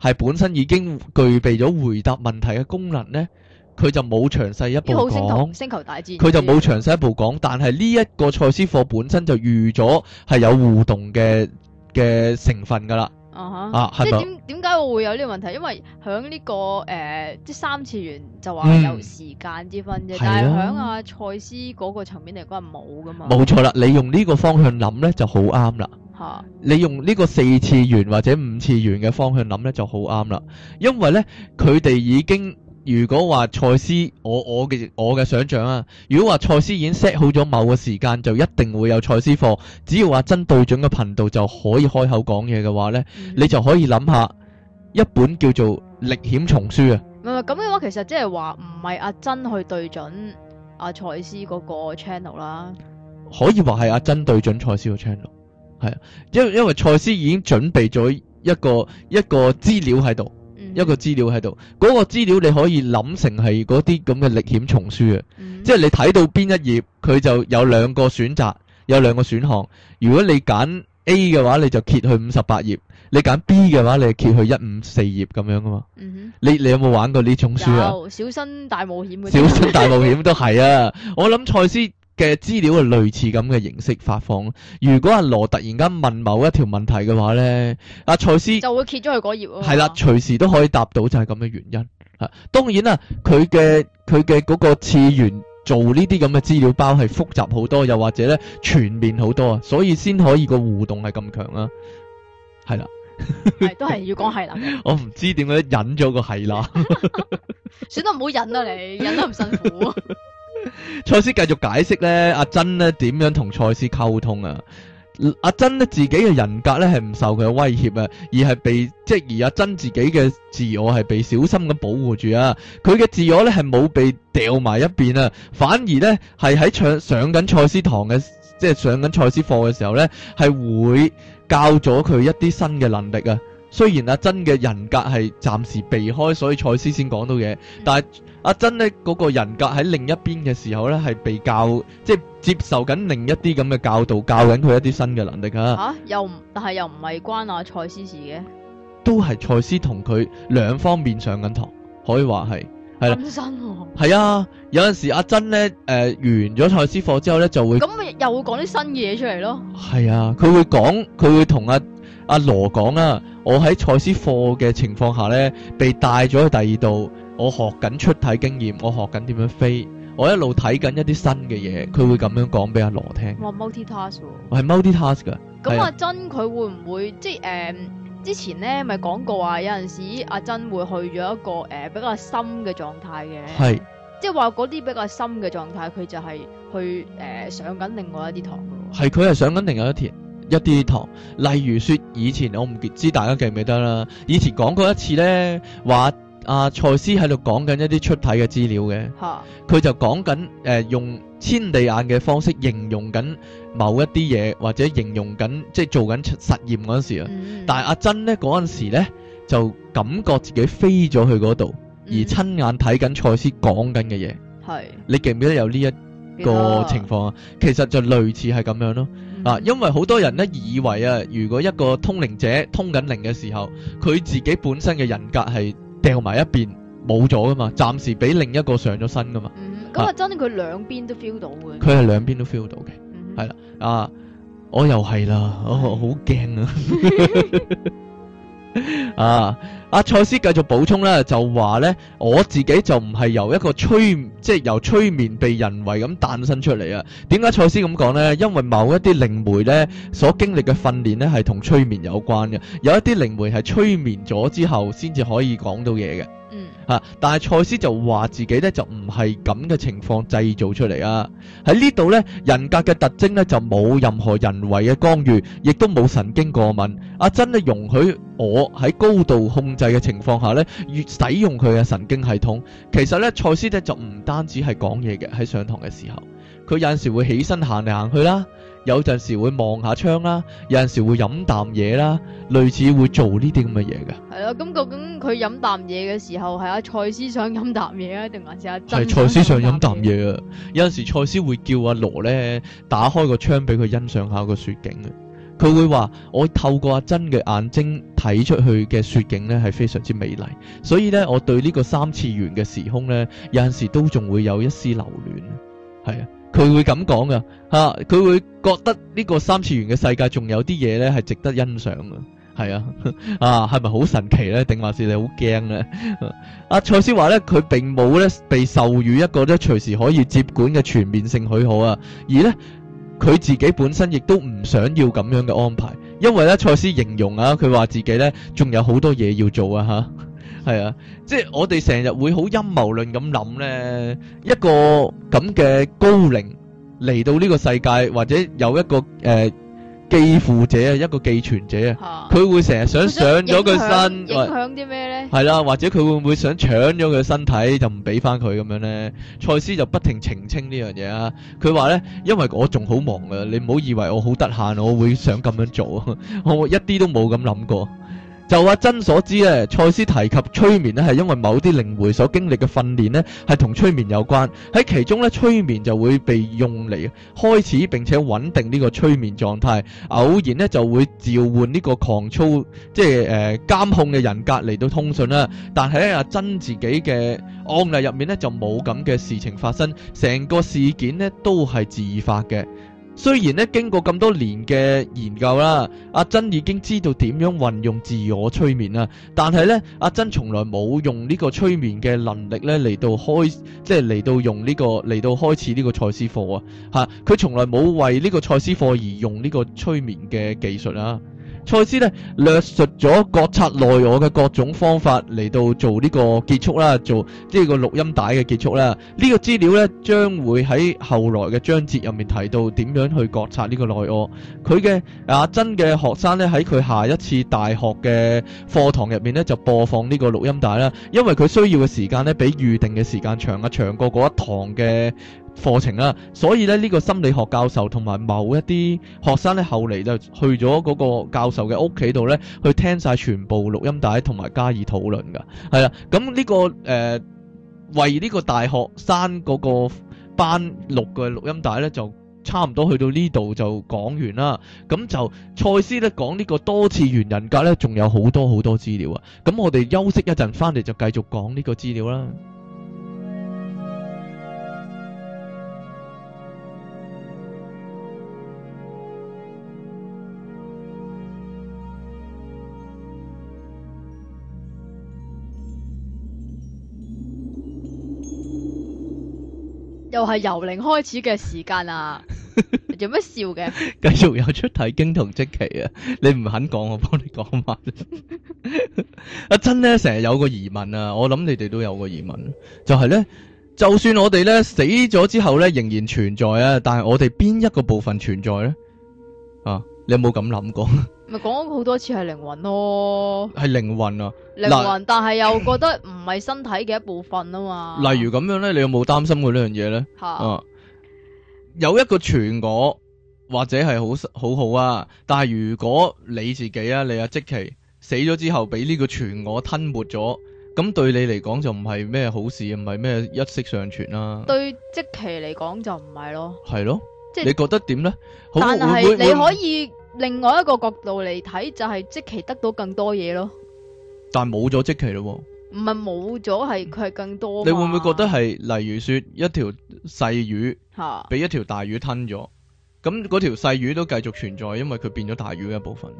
係本身已經具備咗回答問題嘅功能咧？佢就冇詳細一步講，星球,星球大戰佢就冇詳細一步講，但係呢一個賽斯課本身就預咗係有互動嘅嘅成分噶啦。啊哈、uh，huh. 啊，即係點點解我會有呢個問題？因為喺呢、這個誒、呃、即係三次元就話有時間之分啫，嗯、但係喺阿賽斯嗰個層面嚟講係冇噶嘛。冇錯啦，你用呢個方向諗咧就好啱啦。嚇、uh，huh. 你用呢個四次元或者五次元嘅方向諗咧就好啱啦，因為咧佢哋已經。如果話賽斯，我我嘅我嘅想象啊，如果話賽斯已經 set 好咗某個時間，就一定會有賽斯課。只要話真對準個頻道就可以開口講嘢嘅話呢、嗯、你就可以諗下一本叫做《歷險叢書》啊。咁嘅、嗯、話，其實即係話唔係阿珍去對準阿賽斯嗰個 channel 啦。可以話係阿珍對準賽斯嘅 channel，係啊，因為因為賽斯已經準備咗一個一個資料喺度。一個資料喺度，嗰、嗰個資料你可以諗成係嗰啲咁嘅歷險重書啊，嗯、即係你睇到邊一頁，佢就有兩個選擇，有兩個選項。如果你揀 A 嘅話，你就揭去五十八頁；你揀 B 嘅話，你就揭去一五四頁咁樣啊嘛。嗯、哼你你有冇玩過呢種書啊？有，小新大冒險小新大冒險都係啊， 我諗賽斯。嘅資料係類似咁嘅形式發放。如果阿、啊、羅突然間問某一條問題嘅話咧，阿賽斯就會揭咗佢嗰頁。係啦、啊，隨時都可以答到，就係咁嘅原因。吓、啊，當然啦、啊，佢嘅佢嘅個次元做呢啲咁嘅資料包係複雜好多，又或者咧全面好多啊，所以先可以個互動係咁強啦。係啦、啊， 都係要講係啦。我唔知點解忍咗個係啦， 算啦，唔好忍啦、啊，你忍得唔辛苦。 蔡斯繼續解釋咧，阿珍咧點樣同蔡斯溝通啊？阿、啊、珍咧自己嘅人格咧係唔受佢威脅啊，而係被即係而阿珍自己嘅自我係被小心咁保護住啊。佢嘅自我咧係冇被掉埋一邊啊，反而咧係喺上上緊蔡斯堂嘅，即係上緊蔡斯課嘅時候咧，係會教咗佢一啲新嘅能力啊。雖然阿珍嘅人格係暫時避開，所以蔡斯先講到嘢。但係。阿珍咧嗰、那個人格喺另一邊嘅時候咧，係被教，即係接受緊另一啲咁嘅教導，教緊佢一啲新嘅能力啊！嚇、啊，又但係又唔係關阿賽斯事嘅，都係賽斯同佢兩方面上緊堂，可以話係係啦，新喎，係啊、哦，有陣時阿珍咧，誒、呃、完咗賽斯課之後咧，就會咁又會講啲新嘢出嚟咯，係啊，佢會講，佢會同阿阿羅講啊，我喺賽斯課嘅情況下咧，被帶咗去第二度。我學緊出體經驗，我學緊點樣飛，我一路睇緊一啲新嘅嘢，佢會咁樣講俾阿羅聽。我 multi task，我係 multi task 噶。咁阿珍，佢、嗯、會唔會即係誒、呃？之前咧咪講過話，有陣時阿珍會去咗一個誒、呃、比較深嘅狀態嘅，係是即係話嗰啲比較深嘅狀態，佢就係去誒、呃、上緊另外一啲堂咯。係佢係上緊另外一啲一啲堂，例如說以前我唔知大家記唔記得啦，以前講過一次咧話。阿賽斯喺度講緊一啲出體嘅資料嘅，佢就講緊誒，用千里眼嘅方式形容緊某一啲嘢，或者形容緊即係做緊實驗嗰陣時啊。但係阿珍呢嗰陣時呢就感覺自己飛咗去嗰度，而親眼睇緊賽斯講緊嘅嘢。係，你記唔記得有呢一個情況啊？其實就類似係咁樣咯。啊，因為好多人呢以為啊，如果一個通靈者通緊靈嘅時候，佢自己本身嘅人格係。掉埋一邊，冇咗噶嘛，暫時俾另一個上咗身噶嘛。嗯，咁啊真係佢兩邊都 feel 到嘅。佢係兩邊都 feel 到嘅，係啦、嗯哼。啊，我又係啦，我的、哦、好驚啊！ 啊！阿賽斯繼續補充咧，就話呢，我自己就唔係由一個催，即係由催眠被人為咁誕生出嚟啊！點解賽斯咁講呢？因為某一啲靈媒呢，所經歷嘅訓練呢係同催眠有關嘅，有一啲靈媒係催眠咗之後先至可以講到嘢嘅。嗯。啊！但係賽斯就話自己咧就唔係咁嘅情況製造出嚟啊！喺呢度呢，人格嘅特徵呢就冇任何人為嘅干預，亦都冇神經過敏。阿珍呢容許我喺高度控制嘅情況下呢越使用佢嘅神經系統。其實呢，賽斯呢就唔單止係講嘢嘅，喺上堂嘅時候，佢有陣時會起身行嚟行去啦。有陣時會望下窗啦，有陣時會飲啖嘢啦，類似會做呢啲咁嘅嘢嘅。係啊，咁究竟佢飲啖嘢嘅時候，係阿賽斯想飲啖嘢啊，定還是阿珍？係賽斯想飲啖嘢啊，有陣時賽斯會叫阿羅咧打開個窗俾佢欣賞下個雪景啊。佢會話：我透過阿珍嘅眼睛睇出去嘅雪景咧，係非常之美麗，所以咧我對呢個三次元嘅時空咧，有陣時都仲會有一絲留戀。係啊。佢會咁講噶嚇，佢會覺得呢個三次元嘅世界仲有啲嘢咧係值得欣賞嘅，係啊啊，係咪好神奇咧？定還是你好驚咧？阿賽斯話咧，佢並冇咧被授予一個咧隨時可以接管嘅全面性許可啊，而咧佢自己本身亦都唔想要咁樣嘅安排，因為咧賽斯形容啊，佢話自己咧仲有好多嘢要做啊嚇。係啊，即係我哋成日會好陰謀論咁諗呢。一個咁嘅高靈嚟到呢個世界，或者有一個誒、呃、寄付者啊，一個寄存者啊，佢會成日想上咗佢身，影響啲咩呢？係啦，啊，或者佢會唔會想搶咗佢身體就唔俾翻佢咁樣呢？賽斯就不停澄清呢樣嘢啊，佢話呢，因為我仲好忙啊，你唔好以為我好得閒，我會想咁樣做， 我一啲都冇咁諗過。就阿珍所知咧，賽斯提及催眠咧，係因為某啲靈媒所經歷嘅訓練咧，係同催眠有關，喺其中咧，催眠就會被用嚟，開始並且穩定呢個催眠狀態，偶然咧就會召喚呢個狂操即係誒，監控嘅人格嚟到通訊啦。但係咧，阿珍自己嘅案例入面咧就冇咁嘅事情發生，成個事件咧都係自發嘅。雖然咧經過咁多年嘅研究啦，阿珍已經知道點樣運用自我催眠啦，但係咧阿珍從來冇用呢個催眠嘅能力咧嚟到開，即係嚟到用呢、這個嚟到開始呢個賽斯課啊，吓佢從來冇為呢個賽斯課而用呢個催眠嘅技術啊。賽斯咧略述咗覺察內我嘅各種方法嚟到做呢個結束啦，做即係個錄音帶嘅結束啦。這個、資呢個資料咧將會喺後來嘅章節入面提到點樣去覺察呢個內我。佢嘅阿珍嘅學生咧喺佢下一次大學嘅課堂入面咧就播放呢個錄音帶啦，因為佢需要嘅時間咧比預定嘅時間長啊，長過嗰一堂嘅。課程啦、啊，所以咧呢個心理學教授同埋某一啲學生咧，後嚟就去咗嗰個教授嘅屋企度咧，去聽晒全部錄音帶同埋加以討論噶。係啊，咁呢、呢個誒、呃、為呢個大學生嗰個班錄嘅錄音帶咧，就差唔多去到呢度就講完啦，咁就賽斯咧講呢個多次元人格咧，仲有好多好多資料啊，咁我哋休息一陣翻嚟就繼續講呢個資料啦。又係由零開始嘅時間啊，有乜笑嘅？繼續有出體經同積奇啊！你唔肯講，我幫你講埋。阿珍咧成日有個疑問啊，我諗你哋都有個疑問，就係咧，就算我哋咧死咗之後咧仍然存在啊，但係我哋邊一個部分存在咧？啊，你有冇咁諗過？ 咪講好多次係靈魂咯，係靈魂啊，靈魂，但係又覺得唔係身體嘅一部分啊嘛。 例如咁樣咧，你有冇擔心過呢樣嘢咧？吓、啊啊，有一個全我或者係好好好啊，但係如果你自己啊，你啊，積奇死咗之後俾呢個全我吞沒咗，咁對你嚟講就唔係咩好事，唔係咩一息尚存啦。對積奇嚟講就唔係咯，係咯，即係你覺得點咧？好，但係是 你可以。另外一個角度嚟睇，就係、是、即期得到更多嘢咯。但係冇咗即期咯。唔係冇咗，係佢係更多。你會唔會覺得係，例如說一條細魚，俾一條大魚吞咗，咁嗰條細魚都繼續存在，因為佢變咗大魚嘅一部分。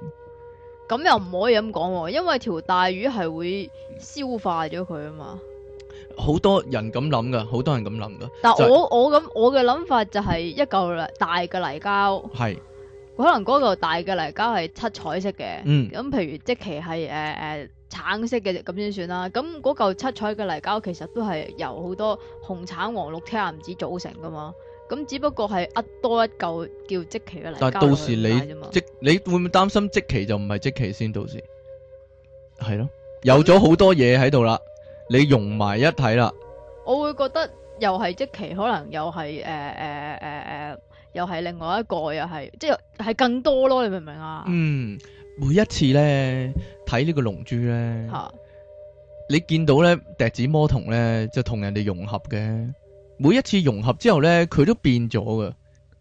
咁又唔可以咁講，因為條大魚係會消化咗佢啊嘛。好多人咁諗噶，好多人咁諗噶。但我、就是、我咁我嘅諗法就係一嚿大嘅泥膠係。 是可能嗰嚿大嘅泥膠係七彩色嘅，咁、嗯、譬如即奇係誒誒橙色嘅咁先算啦。咁嗰嚿七彩嘅泥膠其實都係由好多紅橙黃綠青藍紫組成噶嘛。咁只不過係厄多一嚿叫即奇嘅泥膠嚟嘅啫嘛。但到時你，你會唔會擔心即奇就唔係即奇先？到時係咯，有咗好多嘢喺度啦，嗯、你融埋一體啦。我會覺得又係即奇，可能又係誒誒誒誒。呃呃呃呃又係另外一個，又係即係更多咯，你明唔明啊？嗯，每一次咧睇呢個龍珠咧，嚇、啊、你見到咧笛子魔童咧就同人哋融合嘅，每一次融合之後咧佢都變咗嘅，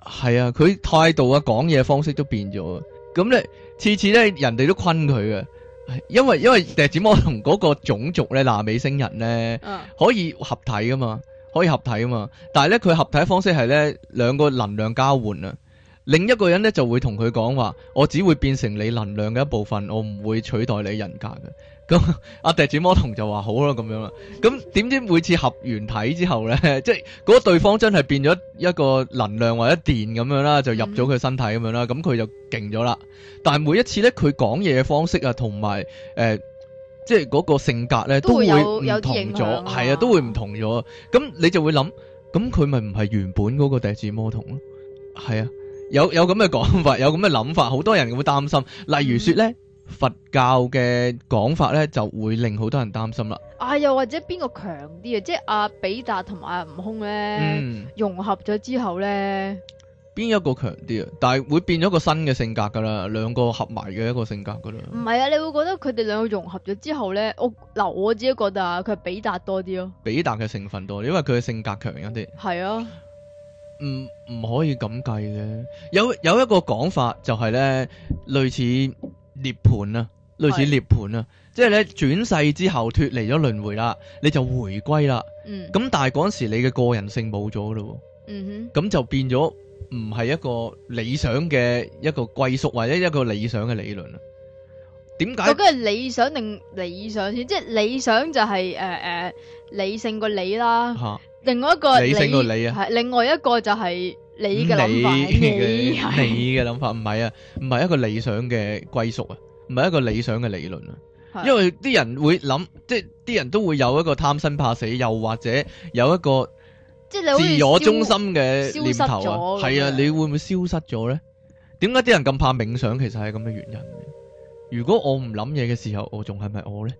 係啊，佢態度啊講嘢方式都變咗，咁咧次次咧人哋都困佢嘅，因為因為笛子魔童嗰個種族咧南美星人咧，啊、可以合體噶嘛。可以合體啊嘛，但係咧佢合體嘅方式係咧兩個能量交換啊，另一個人咧就會同佢講話，我只會變成你能量嘅一部分，我唔會取代你人格嘅。咁阿迪轉魔童就話好啦，啊、咁樣啦、啊，咁點知每次合完體之後咧， 即係嗰、嗰個對方真係變咗一個能量或者電咁樣啦，就入咗佢身體咁樣啦，咁佢、嗯、就勁咗啦。但係每一次咧佢講嘢嘅方式啊，同埋誒。呃即係嗰個性格咧，都會有都會唔同咗，係啊，啊，都會唔同咗。咁、嗯、你就會諗，咁佢咪唔係原本嗰個地主魔童咯？係啊，有有咁嘅講法，有咁嘅諗法，好多人會擔心。例如說咧，嗯、佛教嘅講法咧，就會令好多人擔心啦。啊，又或者邊個強啲啊？即係阿比達同埋阿悟空咧，嗯、融合咗之後咧。已經一個強啲啊，但係會變咗個新嘅性格噶啦，兩個合埋嘅一個性格噶啦。唔係啊，你會覺得佢哋兩個融合咗之後咧，我嗱我自己覺得啊、哦，佢係比達多啲咯。比達嘅成分多啲，因為佢嘅性格強一啲。係啊，唔唔可以咁計嘅。有有一個講法就係咧，類似涅盤啊，類似涅盤啊，即係咧轉世之後脫離咗輪迴啦，你就回歸啦。嗯。咁但係嗰時你嘅個人性冇咗咯。嗯哼。咁就變咗。唔係一個理想嘅一個歸屬，或者一個理想嘅理論啊？點解？咁係理想定理想先？即係理想就係誒誒理性個理啦。吓，另外一個理性個理啊。係另外一個就係你嘅諗法。你嘅諗法唔係啊？唔係一個理想嘅歸屬啊？唔係一個理想嘅理論啊？因為啲人會諗，即係啲人都會有一個貪生怕死，又或者有一個。自我中心嘅念頭啊，係啊，你會唔會消失咗呢？點解啲人咁怕冥想？其實係咁嘅原因。如果我唔諗嘢嘅時候，我仲係咪我呢？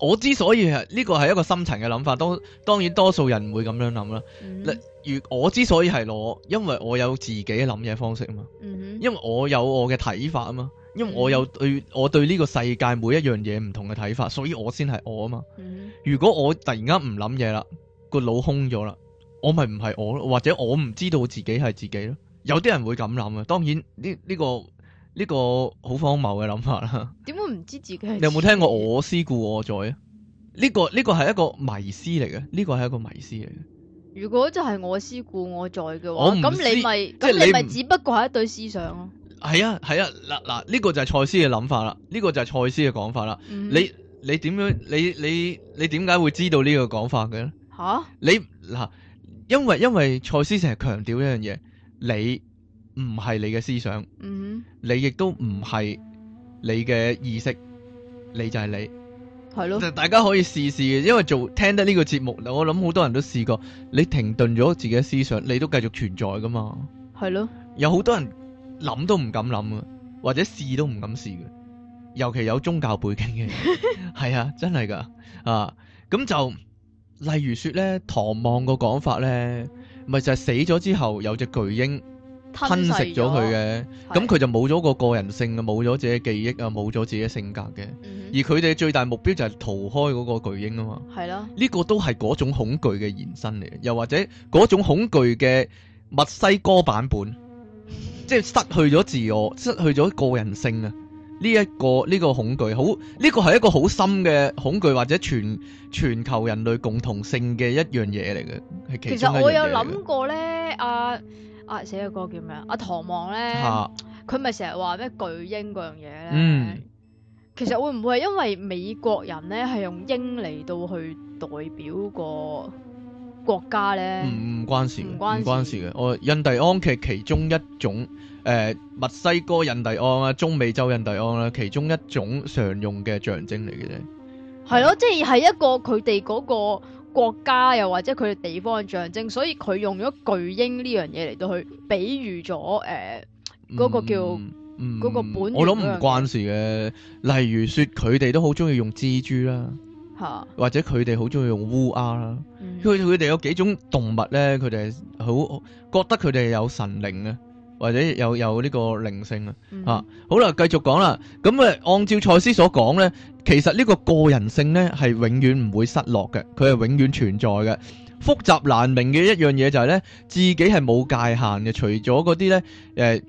我之所以係呢個係一個深層嘅諗法，當當然多數人唔會咁樣諗啦。你、mm hmm. 如我之所以係我，因為我有自己諗嘢方式啊嘛，mm hmm. 因為我有我嘅睇法啊嘛，因為我有對、mm hmm. 我對呢個世界每一樣嘢唔同嘅睇法，所以我先係我啊嘛。Mm hmm. 如果我突然間唔諗嘢啦，個腦空咗啦。我咪唔係我咯，或者我唔知道自己係自己咯。有啲人會咁諗啊，當然呢呢、呢個呢、呢個好、呢個、荒謬嘅諗法啦。點會唔知自己，自己？你有冇聽過我思故我在啊？呢、呢個呢、呢個係一個迷思嚟嘅，呢、呢個係一個迷思嚟嘅。如果就係我思故我在嘅話，咁你咪咁你咪只不過係一對思想咯。係啊，係啊，嗱嗱呢個就係賽斯嘅諗法啦，呢、呢個就係賽斯嘅講法啦、嗯。你你點樣？你你你點解會知道個呢個講法嘅咧？吓、啊、你嗱。因為因為蔡思成日強調一樣嘢，你唔係你嘅思想，mm hmm. 你亦都唔係你嘅意識，你就係你，係咯的。就大家可以試試，因為做聽得呢個節目，我諗好多人都試過，你停頓咗自己嘅思想，你都繼續存在噶嘛。係咯的，有好多人諗都唔敢諗嘅，或者試都唔敢試嘅，尤其有宗教背景嘅，係 啊，真係噶啊，咁就。例如說咧，唐望個講法咧，咪就係、是、死咗之後有隻巨鷹吞食咗佢嘅，咁佢就冇咗個個人性啊，冇咗自己嘅記憶啊，冇咗自己嘅性格嘅，嗯、哼而佢哋最大目標就係逃開嗰個巨鷹啊嘛，係咯的，呢個都係嗰種恐懼嘅延伸嚟，又或者嗰種恐懼嘅墨西哥版本， 即係失去咗自我，失去咗個人性啊。呢、這個這個這個、一個呢個恐懼，好呢個係一個好深嘅恐懼，或者全全球人類共同性嘅一樣嘢嚟嘅，係其中一樣嘢嚟嘅。其實我有諗過咧，阿阿寫個歌叫咩啊？阿唐望咧，佢咪成日話咩巨鷹嗰樣嘢咧？嗯，其實會唔會係因為美國人咧係用鷹嚟到去代表個？國家咧唔唔關事，唔關事嘅。我、哦、印第安係其中一種誒、呃，墨西哥印第安啊，中美洲印第安啦，其中一種常用嘅象徵嚟嘅啫。係咯，嗯，即係係一個佢哋嗰個國家又或者佢哋地方嘅象徵，所以佢用咗巨鷹呢樣嘢嚟到去比喻咗誒，嗰，呃那個叫嗰個本、嗯嗯。我諗唔關事嘅。例如說，佢哋都好中意用蜘蛛啦。或者佢哋好中意用烏鴉啦，佢佢哋有幾種動物咧，佢哋好覺得佢哋有神靈啊，或者有有呢個靈性啊。吓好啦，繼續講啦。咁誒，按照賽斯所講咧，其實呢個個人性咧係永遠唔會失落嘅，佢係永遠存在嘅。複雜難明嘅一樣嘢就係咧，自己係冇界限嘅，除咗嗰啲咧誒。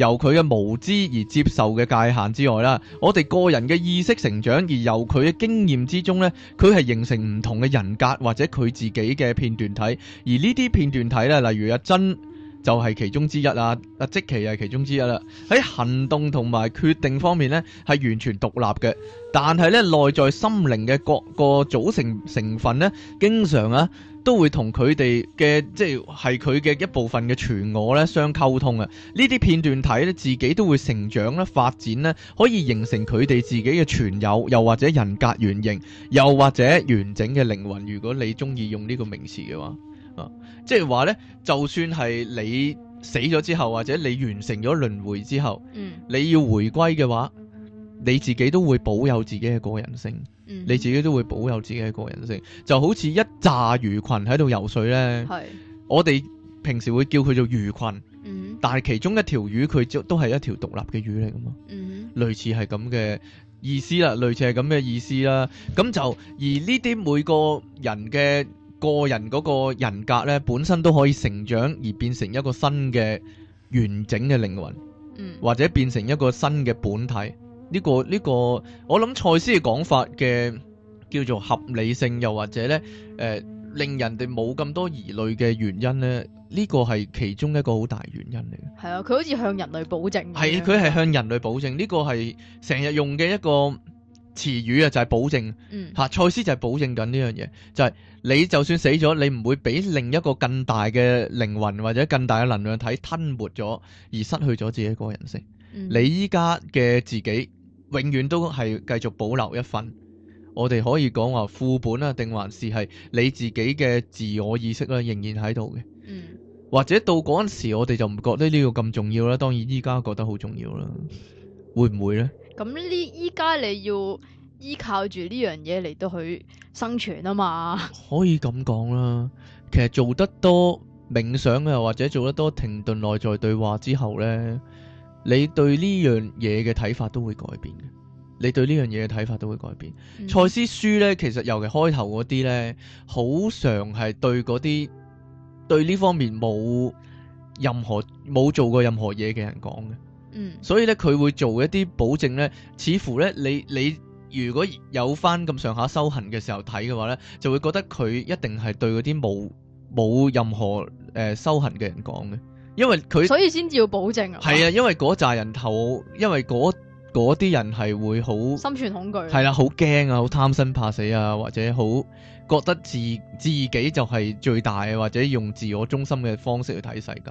由佢嘅無知而接受嘅界限之外啦，我哋個人嘅意識成長而由佢嘅經驗之中咧，佢係形成唔同嘅人格或者佢自己嘅片段體，而呢啲片段體咧，例如阿珍就係、是，其中之一啊，阿積奇就係其中之一啦。喺行動同埋決定方面咧，係完全獨立嘅，但係咧內在心靈嘅各個組成成分咧，經常啊。都會同佢哋嘅，即係佢嘅一部分嘅全我咧相溝通啊。呢啲片段睇咧，自己都會成長咧、發展咧，可以形成佢哋自己嘅全有，又或者人格原型，又或者完整嘅靈魂。如果你中意用呢個名詞嘅話啊，即係話咧，就算係你死咗之後，或者你完成咗輪迴之後，嗯，你要回歸嘅話。你自己都會保有自己嘅個人性，嗯、哼你自己都會保有自己嘅個人性，就好似一紮魚群喺度游水呢，是我哋平時會叫佢做魚群，嗯、哼但係其中一條魚佢都係一條獨立嘅魚嚟㗎嘛。嗯哼，類似係咁嘅意思啦，類似係咁嘅意思啦。咁就而呢啲每個人嘅個人嗰個人格呢，本身都可以成長而變成一個新嘅完整嘅靈魂，嗯、或者變成一個新嘅本體。呢、個呢個，我諗賽斯嘅講法嘅叫做合理性，又或者咧，誒、呃、令人哋冇咁多疑慮嘅原因咧，呢個係其中一個好大原因嚟嘅。係啊，佢好似向人類保證。係，佢係向人類保證。呢個係成日用嘅一個詞語啊，就係保證。嗯。嚇，賽斯就係保證緊呢樣嘢，就係你就算死咗，你唔會俾另一個更大嘅靈魂或者更大嘅能量體吞沒咗，而失去咗自己個人性。嗯。你依家嘅自己。永遠都係繼續保留一份，我哋可以講話副本啊，定還是係你自己嘅自我意識啦、啊，仍然喺度嘅。嗯，或者到嗰陣時，我哋就唔覺得呢個咁重要啦。當然，依家覺得好重要啦。會唔會呢？咁呢？依家你要依靠住呢樣嘢嚟到去生存啊嘛？可以咁講啦。其實做得多冥想啊，或者做得多停頓內在對話之後呢。你對呢樣嘢嘅睇法都會改變嘅，你對呢樣嘢嘅睇法都會改變。賽斯、嗯、書呢，其實尤其開頭嗰啲呢，好常係對嗰啲對呢方面冇任何冇做過任何嘢嘅人講嘅。嗯，所以呢，佢會做一啲保證呢，似乎呢，你你如果有翻咁上下修行嘅時候睇嘅話呢，就會覺得佢一定係對嗰啲冇冇任何誒、呃、修行嘅人講嘅。因為佢，所以先至要保證啊。係啊，因為嗰扎人頭，因為嗰啲人係會好心存恐懼，係啦，好驚啊，好貪生怕死啊，或者好覺得自自己就係最大，或者用自我中心嘅方式去睇世界。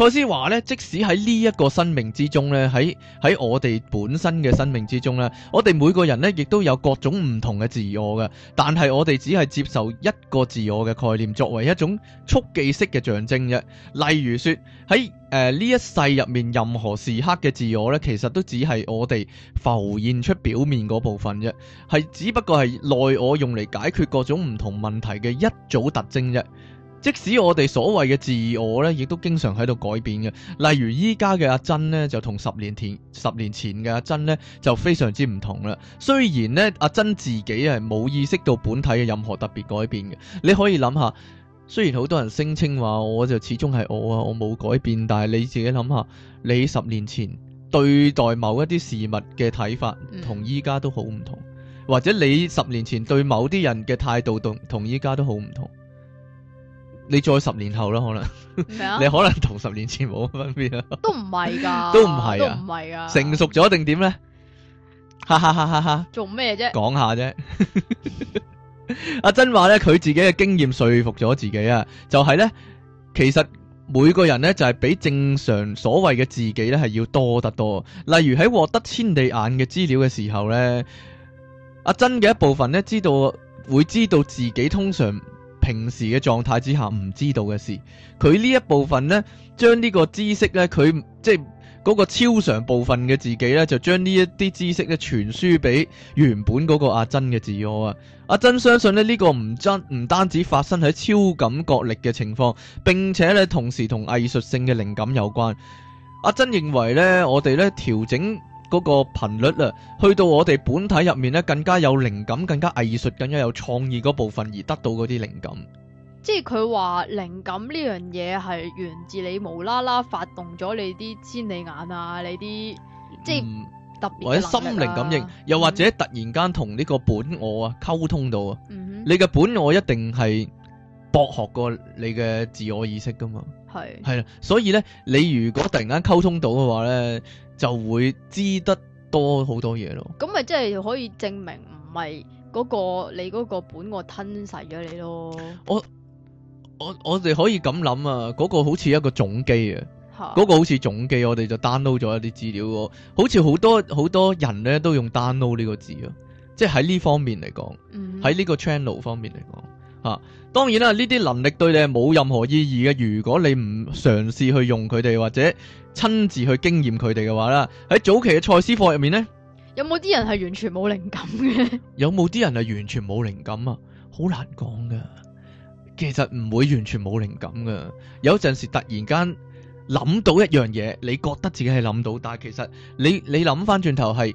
賽斯話咧，即使喺呢一個生命之中咧，喺喺我哋本身嘅生命之中咧，我哋每個人咧亦都有各種唔同嘅自我嘅，但係我哋只係接受一個自我嘅概念作為一種速記式嘅象徵啫。例如說，喺誒，呢一世入面任何時刻嘅自我咧，其實都只係我哋浮現出表面嗰部分啫，係只不過係內我用嚟解決各種唔同問題嘅一組特徵啫。即使我哋所謂嘅自我呢，亦都經常喺度改變嘅。例如依家嘅阿珍呢，就同十年前十年前嘅阿珍呢，就非常之唔同啦。雖然呢，阿珍自己係冇意識到本體嘅任何特別改變嘅，你可以諗下。雖然好多人聲稱話，我就始終係我啊，我冇改變。但係你自己諗下，你十年前對待某一啲事物嘅睇法，同依家都好唔同，嗯、或者你十年前對某啲人嘅態度，同同依家都好唔同。你再十年後咯，可能、啊、你可能同十年前冇乜分別啊？都唔係噶，都唔係啊，成熟咗定點咧？哈哈哈！哈哈，做咩啫？講下啫。 阿珍話咧，佢自己嘅經驗說服咗自己啊，就係、是、咧，其實每個人咧就係、是、比正常所謂嘅自己咧係要多得多。例如喺獲得千里眼嘅資料嘅時候咧，阿珍嘅一部分咧知道會知道自己通常。平時嘅狀態之下唔知道嘅事，佢呢一部分呢，將呢個知識呢，佢即係嗰個超常部分嘅自己呢，就將呢一啲知識呢傳輸俾原本嗰個阿珍嘅自我啊。阿珍相信呢，呢個唔真唔單止發生喺超感覺力嘅情況，並且呢，同時同藝術性嘅靈感有關。阿珍認為呢，我哋呢調整。嗰個頻率啊，去到我哋本體入面咧，更加有靈感，更加藝術，更加有創意嗰部分，而得到嗰啲靈感。即係佢話靈感呢樣嘢係源自你無啦啦發動咗你啲千里眼啊，你啲即係特別或者心靈感應，嗯、又或者突然間同呢個本我啊溝通到啊，嗯、哼你嘅本我一定係博學過你嘅自我意識噶嘛。係係啦，所以咧，你如果突然間溝通到嘅話咧。就會知得多好多嘢咯，咁咪即係可以證明唔係嗰個你嗰個本我吞噬咗你咯。我我我哋可以咁諗啊，嗰個好似一個總機啊，嗰哈個好似總機，我哋就 download 咗一啲資料咯。好似好多好多人咧都用 download 呢個字啊，即係喺呢方面嚟講，喺呢、嗯、個 channel 方面嚟講。.啊，當然啦，呢啲能力對你係冇任何意義嘅。如果你唔嘗試去用佢哋，或者親自去經驗佢哋嘅話咧，喺早期嘅賽斯課入面呢，有冇啲人係完全冇靈感嘅？ 有冇啲人係完全冇靈感啊？好難講噶，其實唔會完全冇靈感噶。有陣時突然間諗到一樣嘢，你覺得自己係諗到，但係其實你你諗翻轉頭係。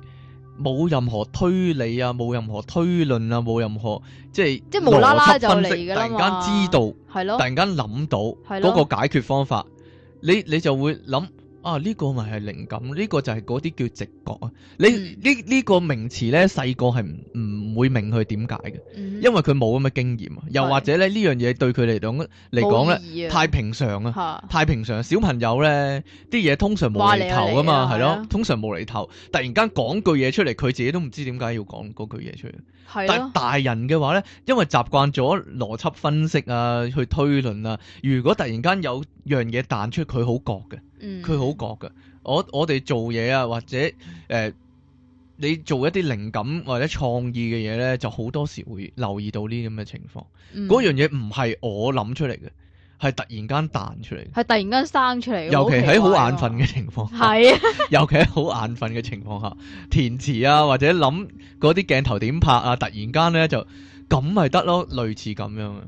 冇任何推理啊，冇任何推論啊，冇任何即係，即係無啦啦就分析，突然間知道，係咯，突然間諗到嗰個解決方法，咯你你就會諗。啊！呢、這個咪係靈感，呢、這個就係嗰啲叫直覺啊！你呢呢、嗯這個名詞呢，細個係唔唔會明佢點解嘅，嗯、哼因為佢冇咁嘅經驗啊。又或者咧，是呢樣嘢對佢嚟講嚟講咧，啊、太平常啊，是太平常。小朋友呢啲嘢通常冇厘頭㗎嘛，係咯，通常冇厘頭。突然間講句嘢出嚟，佢自己都唔知點解要講嗰句嘢出嚟。的但大人嘅話呢，因為習慣咗邏輯分析啊，去推論啊，如果突然間有樣嘢彈出，佢好覺嘅。佢好、嗯、覺噶，我我哋做嘢啊，或者誒、呃，你做一啲靈感或者創意嘅嘢咧，就好多時會留意到呢啲咁嘅情況。嗰、嗯、樣嘢唔係我諗出嚟嘅，係突然間彈出嚟嘅，係突然間生出嚟。尤其喺好眼瞓嘅情況，係，尤其喺好眼瞓嘅情況下，是、啊、 下，填詞啊或者諗嗰啲鏡頭點拍啊，突然間咧就咁咪得咯，類似咁樣啊。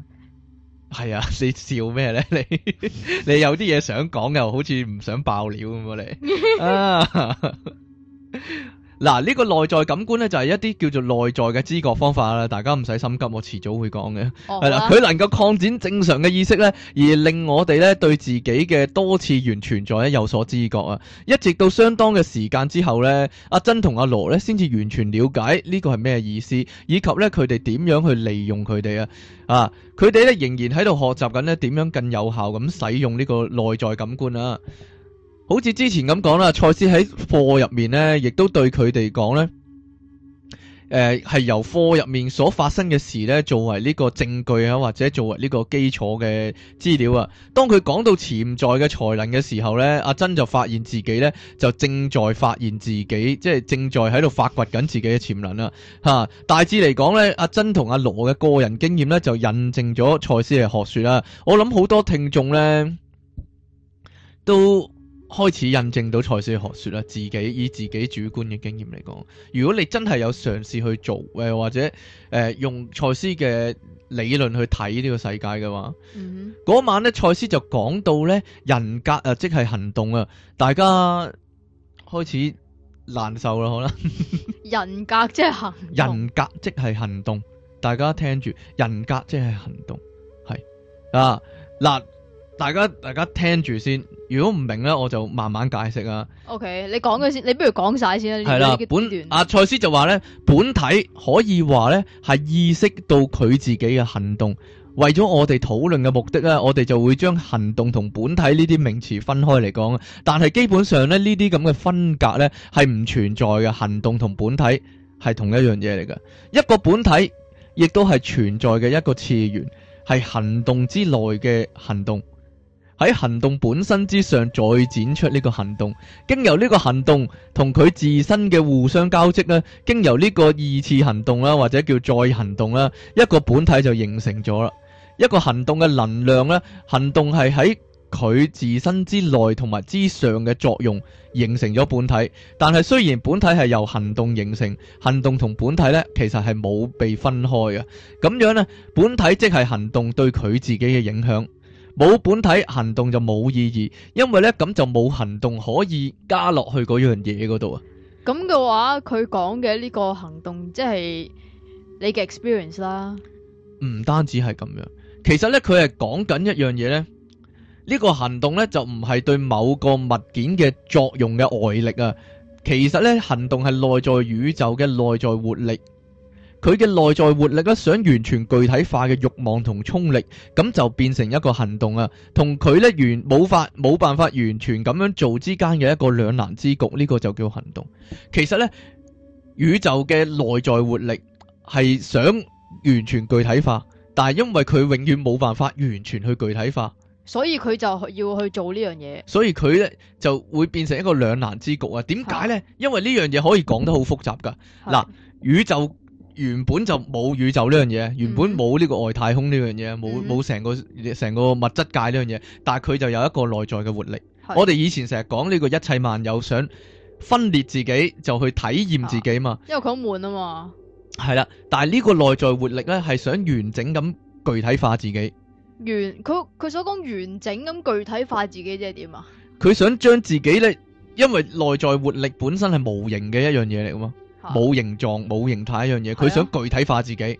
係啊、哎，你笑咩咧？你 你有啲嘢想講，又好似唔想爆料咁 啊！你啊。嗱，呢個內在感官呢，就係、是、一啲叫做內在嘅知覺方法啦，大家唔使心急，我遲早會講嘅。係啦、哦啊，佢 能夠擴展正常嘅意識呢，而令我哋呢對自己嘅多次元存在呢有所知覺啊！一直到相當嘅時間之後呢，阿珍同阿羅呢先至完全了解呢個係咩意思，以及呢佢哋點樣去利用佢哋啊。啊，佢哋呢仍然喺度學習緊呢點樣更有效咁使用呢個內在感官啊！好似之前咁講啦，賽斯喺課入面呢，亦都對佢哋講呢，誒、呃、係由課入面所發生嘅事呢，作為呢個證據啊，或者作為呢個基礎嘅資料啊。當佢講到潛在嘅才能嘅時候呢，阿珍就發現自己呢，就正在發現自己，即係正在喺度發掘緊自己嘅潛能啦。嚇、啊，大致嚟講呢，阿珍同阿羅嘅個人經驗呢，就印證咗賽斯嘅學説啦。我諗好多聽眾呢都～開始印證到賽斯學説啦。自己以自己主觀嘅經驗嚟講，如果你真係有嘗試去做誒、呃，或者誒、呃、用賽斯嘅理論去睇呢個世界嘅話，嗰、嗯、哼晚咧賽斯就講到咧人格啊，即係行動啊，大家開始難受啦，好啦 人格即係行，人格即係行動，大家聽住，人格即係行動，係啊，嗱，大家大家聽住先。如果唔明咧，我就慢慢解釋啊。OK，你講嘅先，你不如講晒先啦。係啦，本阿賽斯就話咧，本體可以話咧係意識到佢自己嘅行動。為咗我哋討論嘅目的咧，我哋就會將行動同本體呢啲名詞分開嚟講。但係基本上咧，呢啲咁嘅分隔咧係唔存在嘅。行動同本體係同一樣嘢嚟嘅。一個本體亦都係存在嘅一個次元，係行動之內嘅行動。喺行動本身之上，再展出呢個行動，經由呢個行動同佢自身嘅互相交織呢，經由呢個二次行動啦，或者叫再行動啦，一個本體就形成咗啦。一個行動嘅能量呢，行動係喺佢自身之內同埋之上嘅作用，形成咗本體。但係雖然本體係由行動形成，行動同本體呢，其實係冇被分開嘅。咁樣呢，本體即係行動對佢自己嘅影響。冇本體行動就冇意義，因為咧，咁就冇行動可以加落去嗰樣嘢嗰度啊。咁嘅話，佢講嘅呢個行動，即係你嘅 experience 啦。唔單止係咁樣，其實咧佢係講緊一樣嘢咧，呢、這個行動咧就唔係對某個物件嘅作用嘅外、呃、力啊，其實咧行動係內在宇宙嘅內在活力。佢嘅內在活力咧，想完全具體化嘅欲望同沖力，咁就變成一個行動啊。同佢呢，完冇法冇辦法完全咁樣做之間嘅一個兩難之局，呢、呢個就叫行動。其實呢，宇宙嘅內在活力係想完全具體化，但係因為佢永遠冇辦法完全去具體化，所以佢就要去做呢樣嘢。所以佢呢就會變成一個兩難之局啊？點解呢？是因為呢樣嘢可以講得好複雜噶。嗱是，宇宙。原本就冇宇宙呢樣嘢，原本冇呢個外太空呢樣嘢，冇冇成個成個物質界呢樣嘢，但係佢就有一個內在嘅活力。係嘅，我哋以前成日講呢個一切萬有想分裂自己，就去體驗自己嘛。啊、因為佢好悶啊嘛。係啦，但係呢個內在活力咧，係想完整咁具體化自己。完，佢佢所講完整咁具體化自己，即係點啊？佢想將自己咧，因為內在活力本身係無形嘅一樣嘢嚟㗎嘛。冇形狀冇形態一樣嘢，佢想具體化自己，啊、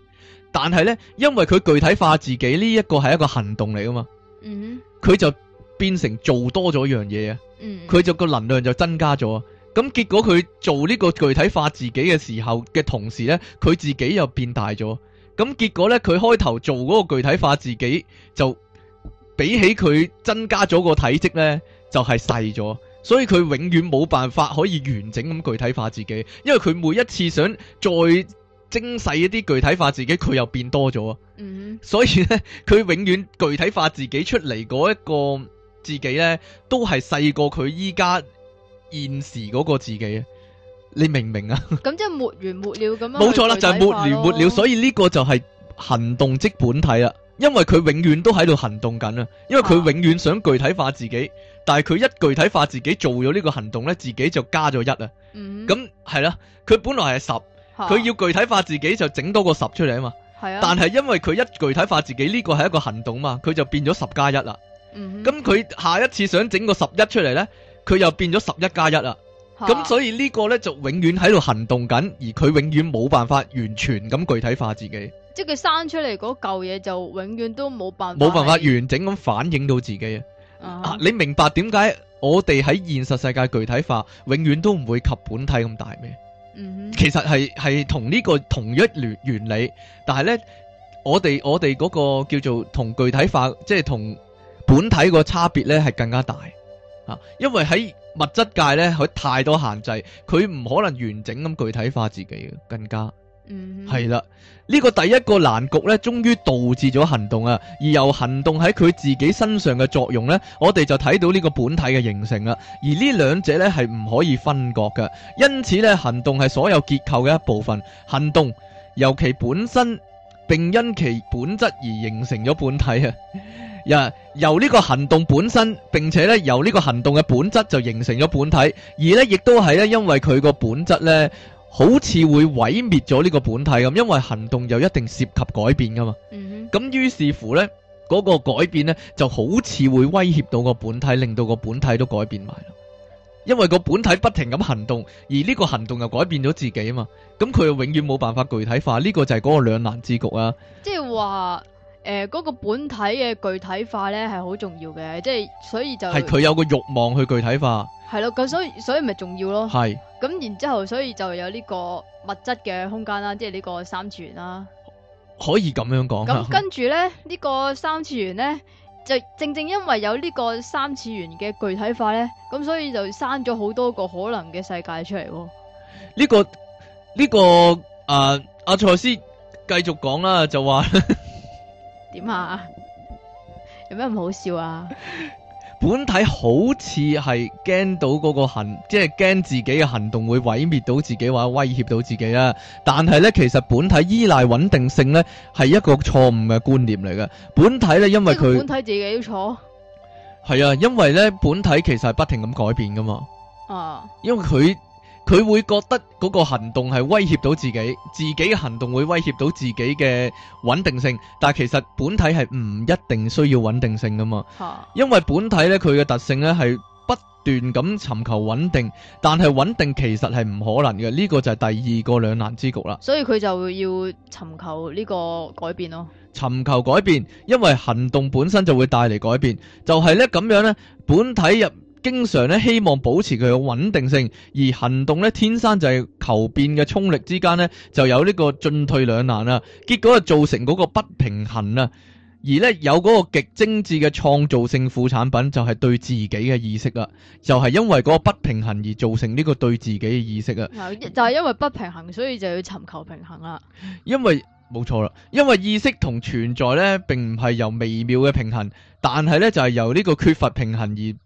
但係呢，因為佢具體化自己呢一、這個係一個行動嚟，啊嘛，佢、mm hmm. 就變成做多咗一樣嘢，啊，佢、mm hmm. 就個能量就增加咗，咁結果佢做呢個具體化自己嘅時候嘅同時呢，佢自己又變大咗，咁結果呢，佢開頭做嗰個具體化自己就比起佢增加咗個體積呢，就係細咗。所以佢永遠冇辦法可以完整咁具體化自己，因為佢每一次想再精細一啲具體化自己，佢又變多咗啊！嗯、所以咧，佢永遠具體化自己出嚟嗰一個自己咧，都係細過佢依家現時嗰個自己啊！你明唔明啊？咁、嗯、即係沒完沒了咁啊！冇錯啦，就係沒完沒了，所以呢個就係行動即本體啊！因為佢永遠都喺度行動緊啊！因為佢永遠想具體化自己。啊但係佢一具體化自己做咗呢個行動呢，自己就加咗一啊。咁係啦，佢本來係十哈，佢要具體化自己就整多個十出嚟啊嘛。的但係因為佢一具體化自己呢、呢個係一個行動嘛，佢就變咗十加一啦。咁佢、嗯、哼下一次想整個十一出嚟呢，佢又變咗十一加一啦。咁哈所以呢個呢，就永遠喺度行動緊，而佢永遠冇辦法完全咁具體化自己。即係佢生出嚟嗰嚿嘢就永遠都冇辦法冇辦法完整咁反映到自己啊。Uh huh. 啊！你明白點解我哋喺現實世界具體化永遠都唔會及本體咁大咩？嗯、uh，huh. 其實係係同呢個同一原原理，但係呢，我哋我哋嗰個叫做同具體化，即係同本體個差別呢係更加大啊！因為喺物質界呢，佢太多限制，佢唔可能完整咁具體化自己更加嗯係啦。Uh huh. 呢個第一個難局咧，終於導致咗行動啊！而由行動喺佢自己身上嘅作用呢，我哋就睇到呢個本體嘅形成啦。而呢兩者呢，係唔可以分割嘅，因此呢，行動係所有結構嘅一部分。行動由其本身並因其本質而形成咗本體啊！Yeah, 由呢個行動本身並且咧由呢個行動嘅本質就形成咗本體，而呢，亦都係咧因為佢個本質呢。好似會毀滅咗呢個本體咁，因為行動又一定涉及改變噶嘛。咁於、嗯、哼是乎呢，嗰、那個改變呢就好似會威脅到個本體，令到個本體都改變埋啦。因為個本體不停咁行動，而呢個行動又改變咗自己啊嘛。咁佢又永遠冇辦法具體化，呢、這個就係嗰個兩難之局啊。即係話。誒，嗰、欸那個本體嘅具體化咧，係好重要嘅，即係所以就係佢有個欲望去具體化，係咯。咁所以所以咪重要咯。係咁是，然之後所以就有呢個物質嘅空間啦，即係呢個三次元啦。可以咁樣講。咁跟住咧，呢個三次元咧，就正正因為有呢個三次元嘅具體化咧，咁所以就生咗好多個可能嘅世界出嚟。呢、這個呢、這個誒、呃，阿賽斯繼續講啦，就話。 點啊？有咩唔好笑啊？ 本體好似係驚到嗰個行，即係驚自己嘅行動會毀滅到自己或者威脅到自己啦。但係咧，其實本體依賴穩定性咧係一個錯誤嘅觀念嚟嘅。本體咧，因為佢。本體自己都錯？係啊，因為咧本體其實係不停咁改變噶嘛啊，因為佢。佢會覺得嗰個行動係威脅到自己，自己嘅行動會威脅到自己嘅穩定性。但係其實本體係唔一定需要穩定性噶嘛，哈因為本體咧佢嘅特性咧係不斷咁尋求穩定，但係穩定其實係唔可能嘅。呢個就係第二個兩難之局啦。所以佢就要尋求呢個改變咯。尋求改變，因為行動本身就會帶嚟改變。就係咧咁樣咧，本體入。經常咧，希望保持佢嘅穩定性，而行動咧天生就係求變嘅衝力之間咧，就有呢個進退兩難啦。結果就造成嗰個不平衡啊，而咧有嗰個極精致嘅創造性副產品，就係、是、對自己嘅意識啦。就係、是、因為個不平衡而造成呢個對自己嘅意識啊、嗯，就係、是、因為不平衡，所以就要尋求平衡啦。因為冇錯啦，因為意識同存在咧，並唔係由微妙嘅平衡，但係咧就係、是、由呢個缺乏平衡而。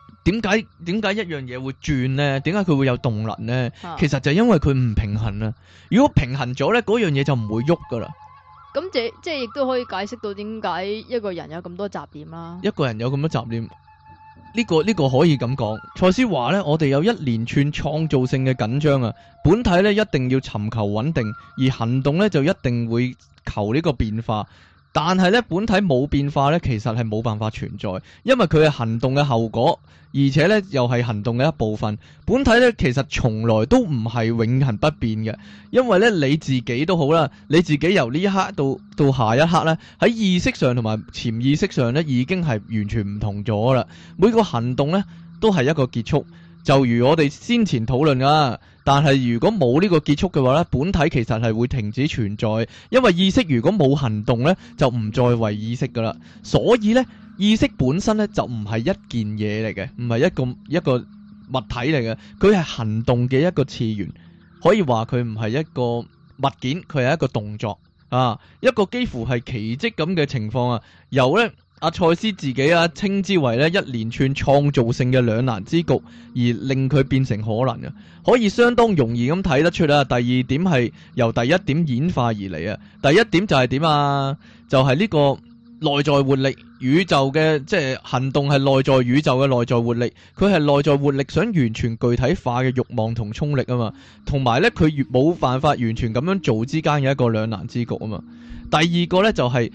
點解點解一樣嘢會轉呢？點解佢會有動能呢？其實就因為佢唔平衡啦。如果平衡咗呢，嗰樣嘢就唔會喐噶啦。咁、嗯、即即係亦都可以解釋到點解一個人有咁多雜念啦、啊。一個人有咁多雜念，呢、這個呢、這個可以咁講。賽斯話呢，我哋有一連串創造性嘅緊張啊。本體呢，一定要尋求穩定，而行動呢，就一定會求呢個變化。但係咧，本體冇變化咧，其實係冇辦法存在，因為佢係行動嘅後果，而且咧又係行動嘅一部分。本體咧其實從來都唔係永恒不變嘅，因為咧你自己都好啦，你自己由呢一刻到到下一刻咧，喺意識上同埋潛意識上咧已經係完全唔同咗啦。每個行動咧都係一個結束，就如我哋先前討論噶。但係如果冇呢個結束嘅話咧，本體其實係會停止存在，因為意識如果冇行動咧，就唔再為意識噶啦。所以咧，意識本身咧就唔係一件嘢嚟嘅，唔係一個一個物體嚟嘅，佢係行動嘅一個次元，可以話佢唔係一個物件，佢係一個動作啊，一個幾乎係奇迹咁嘅情況啊，由咧。阿、啊、賽斯自己啊，稱之為咧一連串創造性嘅兩難之局，而令佢變成可能嘅，可以相當容易咁睇得出啊。第二點係由第一點演化而嚟啊。第一點就係點啊？就係、是、呢個內在活力宇宙嘅，即係行動係內在宇宙嘅內在活力，佢係內在活力想完全具體化嘅慾望同衝力啊嘛，同埋咧佢越冇辦法完全咁樣做之間嘅一個兩難之局啊嘛。第二個咧就係、是。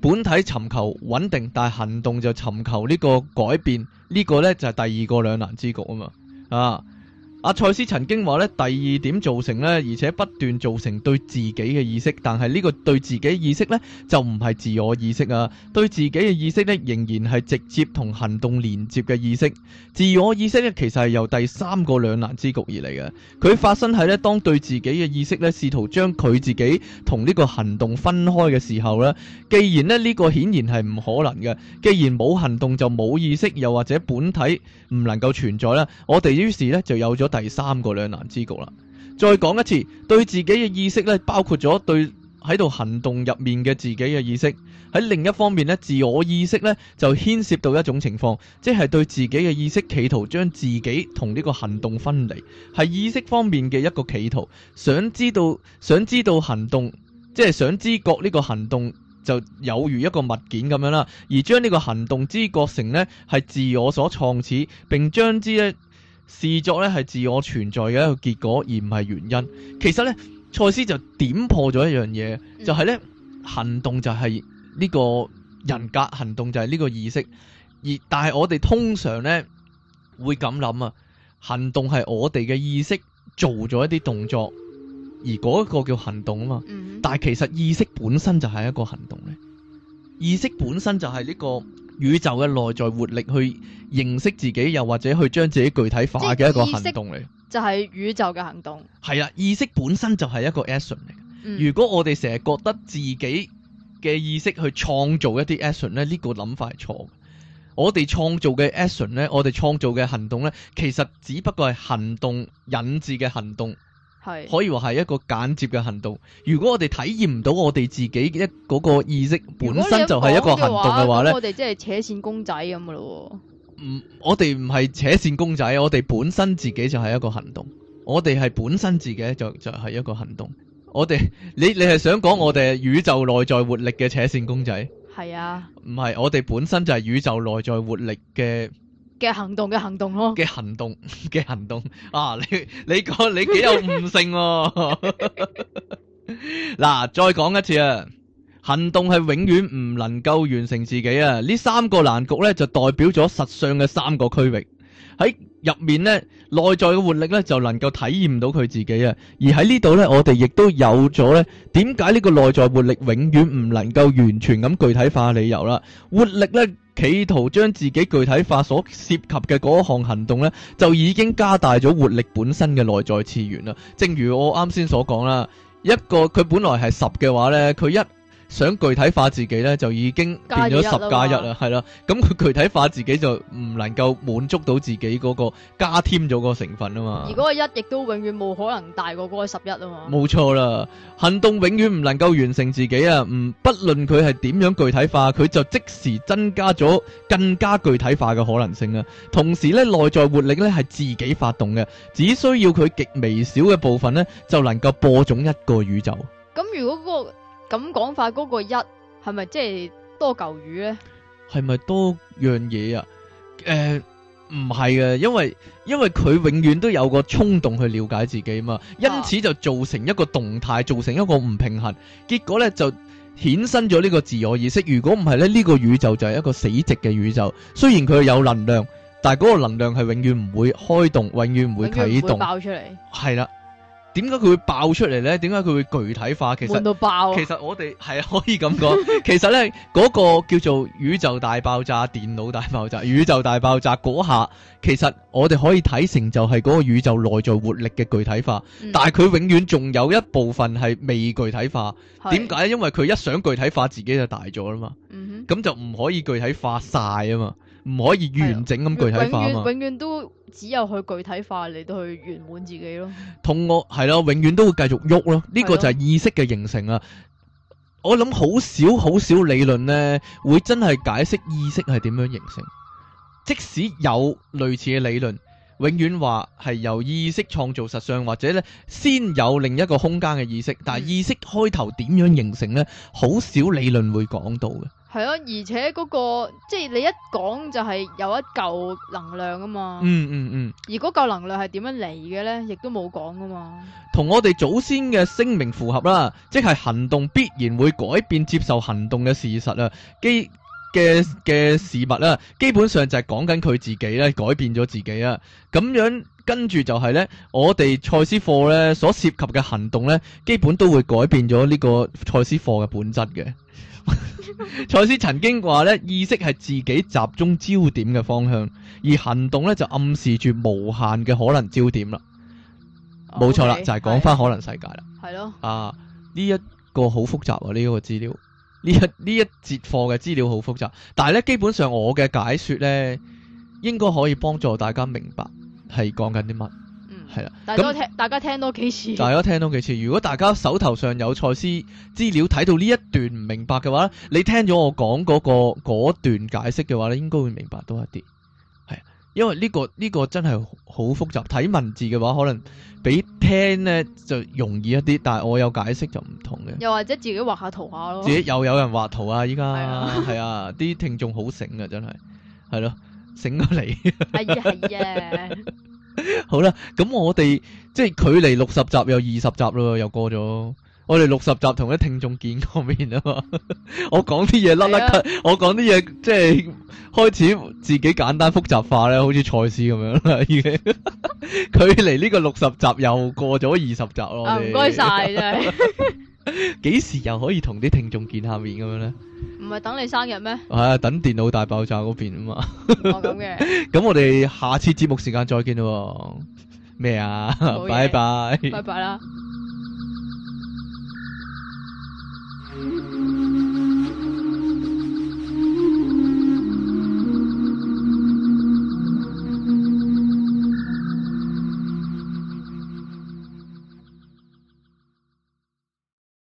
本體尋求穩定，但係行動就尋求呢個改變，這個、呢個咧就係、是、第二個兩難之局啊嘛啊！阿、啊、賽斯曾經話咧，第二點造成咧，而且不斷造成對自己嘅意識，但係呢個對自己意識咧，就唔係自我意識啊，對自己嘅意識咧，仍然係直接同行動連接嘅意識。自我意識咧，其實係由第三個兩難之局而嚟嘅。佢發生喺咧，當對自己嘅意識咧，試圖將佢自己同呢個行動分開嘅時候咧，既然呢，呢、呢個顯然係唔可能嘅，既然冇行動就冇意識，又或者本體唔能夠存在啦，我哋於是咧就有咗。第三個兩難之局啦，再講一次，對自己嘅意識咧，包括咗對喺度行動入面嘅自己嘅意識。喺另一方面咧，自我意識咧就牽涉到一種情況，即係對自己嘅意識企圖將自己同呢個行動分離，係意識方面嘅一個企圖。想知道，想知道行動，即係想知覺呢個行動，就有如一個物件咁樣啦，而將呢個行動知覺成呢，係自我所創始，並將之咧。視作咧係自我存在嘅一個結果，而唔係原因。其實呢，賽斯就點破咗一樣嘢，嗯、就係呢，行動就係呢個人格，行動就係呢個意識，而但係我哋通常呢會咁諗啊，行動係我哋嘅意識做咗一啲動作，而嗰一個叫行動啊嘛。嗯、但係其實意識本身就係一個行動咧，意識本身就係呢、這個。宇宙嘅內在活力去認識自己，又或者去將自己具體化嘅一個行動嚟，就係宇宙嘅行動。係啦，意識本身就係一個 action 嚟。嗯。如果我哋成日覺得自己嘅意識去創造一啲 action 咧，呢個諗法係錯嘅。我哋創造嘅 action 咧，我哋創造嘅行動咧，其實只不過係行動引致嘅行動。係是可以話係一個間接嘅行動。如果我哋體驗唔到我哋自己一嗰個意識本身就係一個行動嘅話呢，我哋即係扯線公仔咁噶咯。唔、嗯，我哋唔係扯線公仔，我哋本身自己就係一個行動。我哋係本身自己就就係、是、一個行動。我哋你你係想講我哋宇宙內在活力嘅扯線公仔？係啊，唔係，我哋本身就係宇宙內在活力嘅。嘅行動嘅行動咯，嘅 行動嘅行動啊！你你講你幾有悟性喎、啊？嗱， 再講一次啊，行動係永遠唔能夠完成自己啊！呢三個難局咧就代表咗實相嘅三個區域，係。入面咧，內在嘅活力呢，就能夠體驗到佢自己啊！而喺呢度呢，我哋亦都有咗呢，點解呢個內在活力永遠唔能夠完全咁具體化理由啦。活力呢，企圖將自己具體化所涉及嘅嗰項行動呢，就已經加大咗活力本身嘅內在次元啦。正如我啱先所講啦，一個佢本來係十嘅話呢，佢一，想具體化自己呢，就已經變咗十加一啦，係啦。咁佢吧具體化自己就唔能夠滿足到自己嗰個加添咗個成分啊嘛。如果係一亦都永遠冇可能大過嗰個十一啊嘛。冇錯啦，行動永遠唔能夠完成自己啊！唔，不論佢係點樣具體化，佢就即時增加咗更加具體化嘅可能性啊。同時呢，內在活力呢係自己發動嘅，只需要佢極微小嘅部分呢，就能夠播種一個宇宙。咁如果嗰個咁講法嗰個一係咪即係多舊魚咧？係咪多樣嘢啊？誒、呃，唔係嘅，因為因為佢永遠都有個衝動去了解自己嘛，因此就造成一個動態，造成一個唔平衡，結果呢，就衍生咗呢個自我意識。如果唔係呢，呢個宇宙就係一個死寂嘅宇宙。雖然佢有能量，但係嗰個能量係永遠唔會開動，永遠唔會啟動，爆出嚟係啦。點解佢會爆出嚟呢？點解佢會具體化？其實爆、啊、其實我哋係可以咁講， 其實呢，嗰、嗰個叫做宇宙大爆炸、電腦大爆炸、宇宙大爆炸嗰下，其實我哋可以睇成就係嗰個宇宙內在活力嘅具體化，嗯、但係佢永遠仲有一部分係未具體化。點解是？因為佢一想具體化自己就大咗啦嘛，咁、嗯、哼就唔可以具體化晒啊嘛。唔可以完整咁具體化嘛？永遠，永遠都只有去具體化嚟到去圓滿自己咯。同我係咯，永遠都會繼續喐咯。呢個就係意識嘅形成啦。的我諗好少好少理論呢會真係解釋意識係點樣形成。即使有類似嘅理論，永遠話係由意識創造實相，或者呢先有另一個空間嘅意識。但係意識開頭點樣形成呢？好、嗯、少理論會講到嘅。係啊，而且嗰、那個即係你一講就係有一嚿能量啊嘛，嗯嗯嗯，嗯嗯而嗰嚿能量係點樣嚟嘅呢？亦都冇講啊嘛。同我哋祖先嘅聲明符合啦，即係行動必然會改變接受行動嘅事實啊，基嘅嘅事物啦、啊，基本上就係講緊佢自己咧改變咗自己啊，咁樣跟住就係呢，我哋賽斯課呢所涉及嘅行動呢，基本都會改變咗呢個賽斯課嘅本質嘅。 賽斯曾經話咧，意識係自己集中焦點嘅方向，而行動呢就暗示住無限嘅可能焦點啦。冇錯啦，就係講返可能世界啦。係咯 yeah, yeah.、啊，啊呢一個好複雜啊，呢、這個資料，呢一呢一節課嘅資料好複雜，但係呢基本上我嘅解說呢應該可以幫助大家明白係講緊啲乜。係啦，大家、啊、聽，大家聽多幾次。大家聽多幾次。如果大家手頭上有賽斯資料，睇到呢一段唔明白嘅話，你聽咗我講嗰、嗰個段解釋嘅話咧，應該會明白多一啲。係、啊，因為呢、呢個呢、呢個真係好，好複雜。睇文字嘅話，可能比聽咧就容易一啲。但係我有解釋就唔同嘅。又或者自己畫下圖下咯。自己又有人畫圖啊！依家係啊，啲、啊 啊、聽眾好醒嘅，真係係咯，醒過你。係、 哎、啊，係啊。 好啦，咁我哋即係距離六十集又二十集咯，又過咗。我哋六十集同啲聽眾見過面啊嘛， 我講啲嘢甩甩咳，啊、我講啲嘢即係開始自己簡單複雜化咧，好似賽斯咁樣啦。已經，距離呢個六十集又過咗二十集咯。唔該曬，真係們。幾 時又可以同啲聽眾見下面咁樣咧？唔係等你生日咩？係、哦、等電腦大爆炸嗰邊啊嘛。咁 嘅、哦。咁 我哋下次節目時間再見咯。咩 麼啊？拜拜。拜拜啦。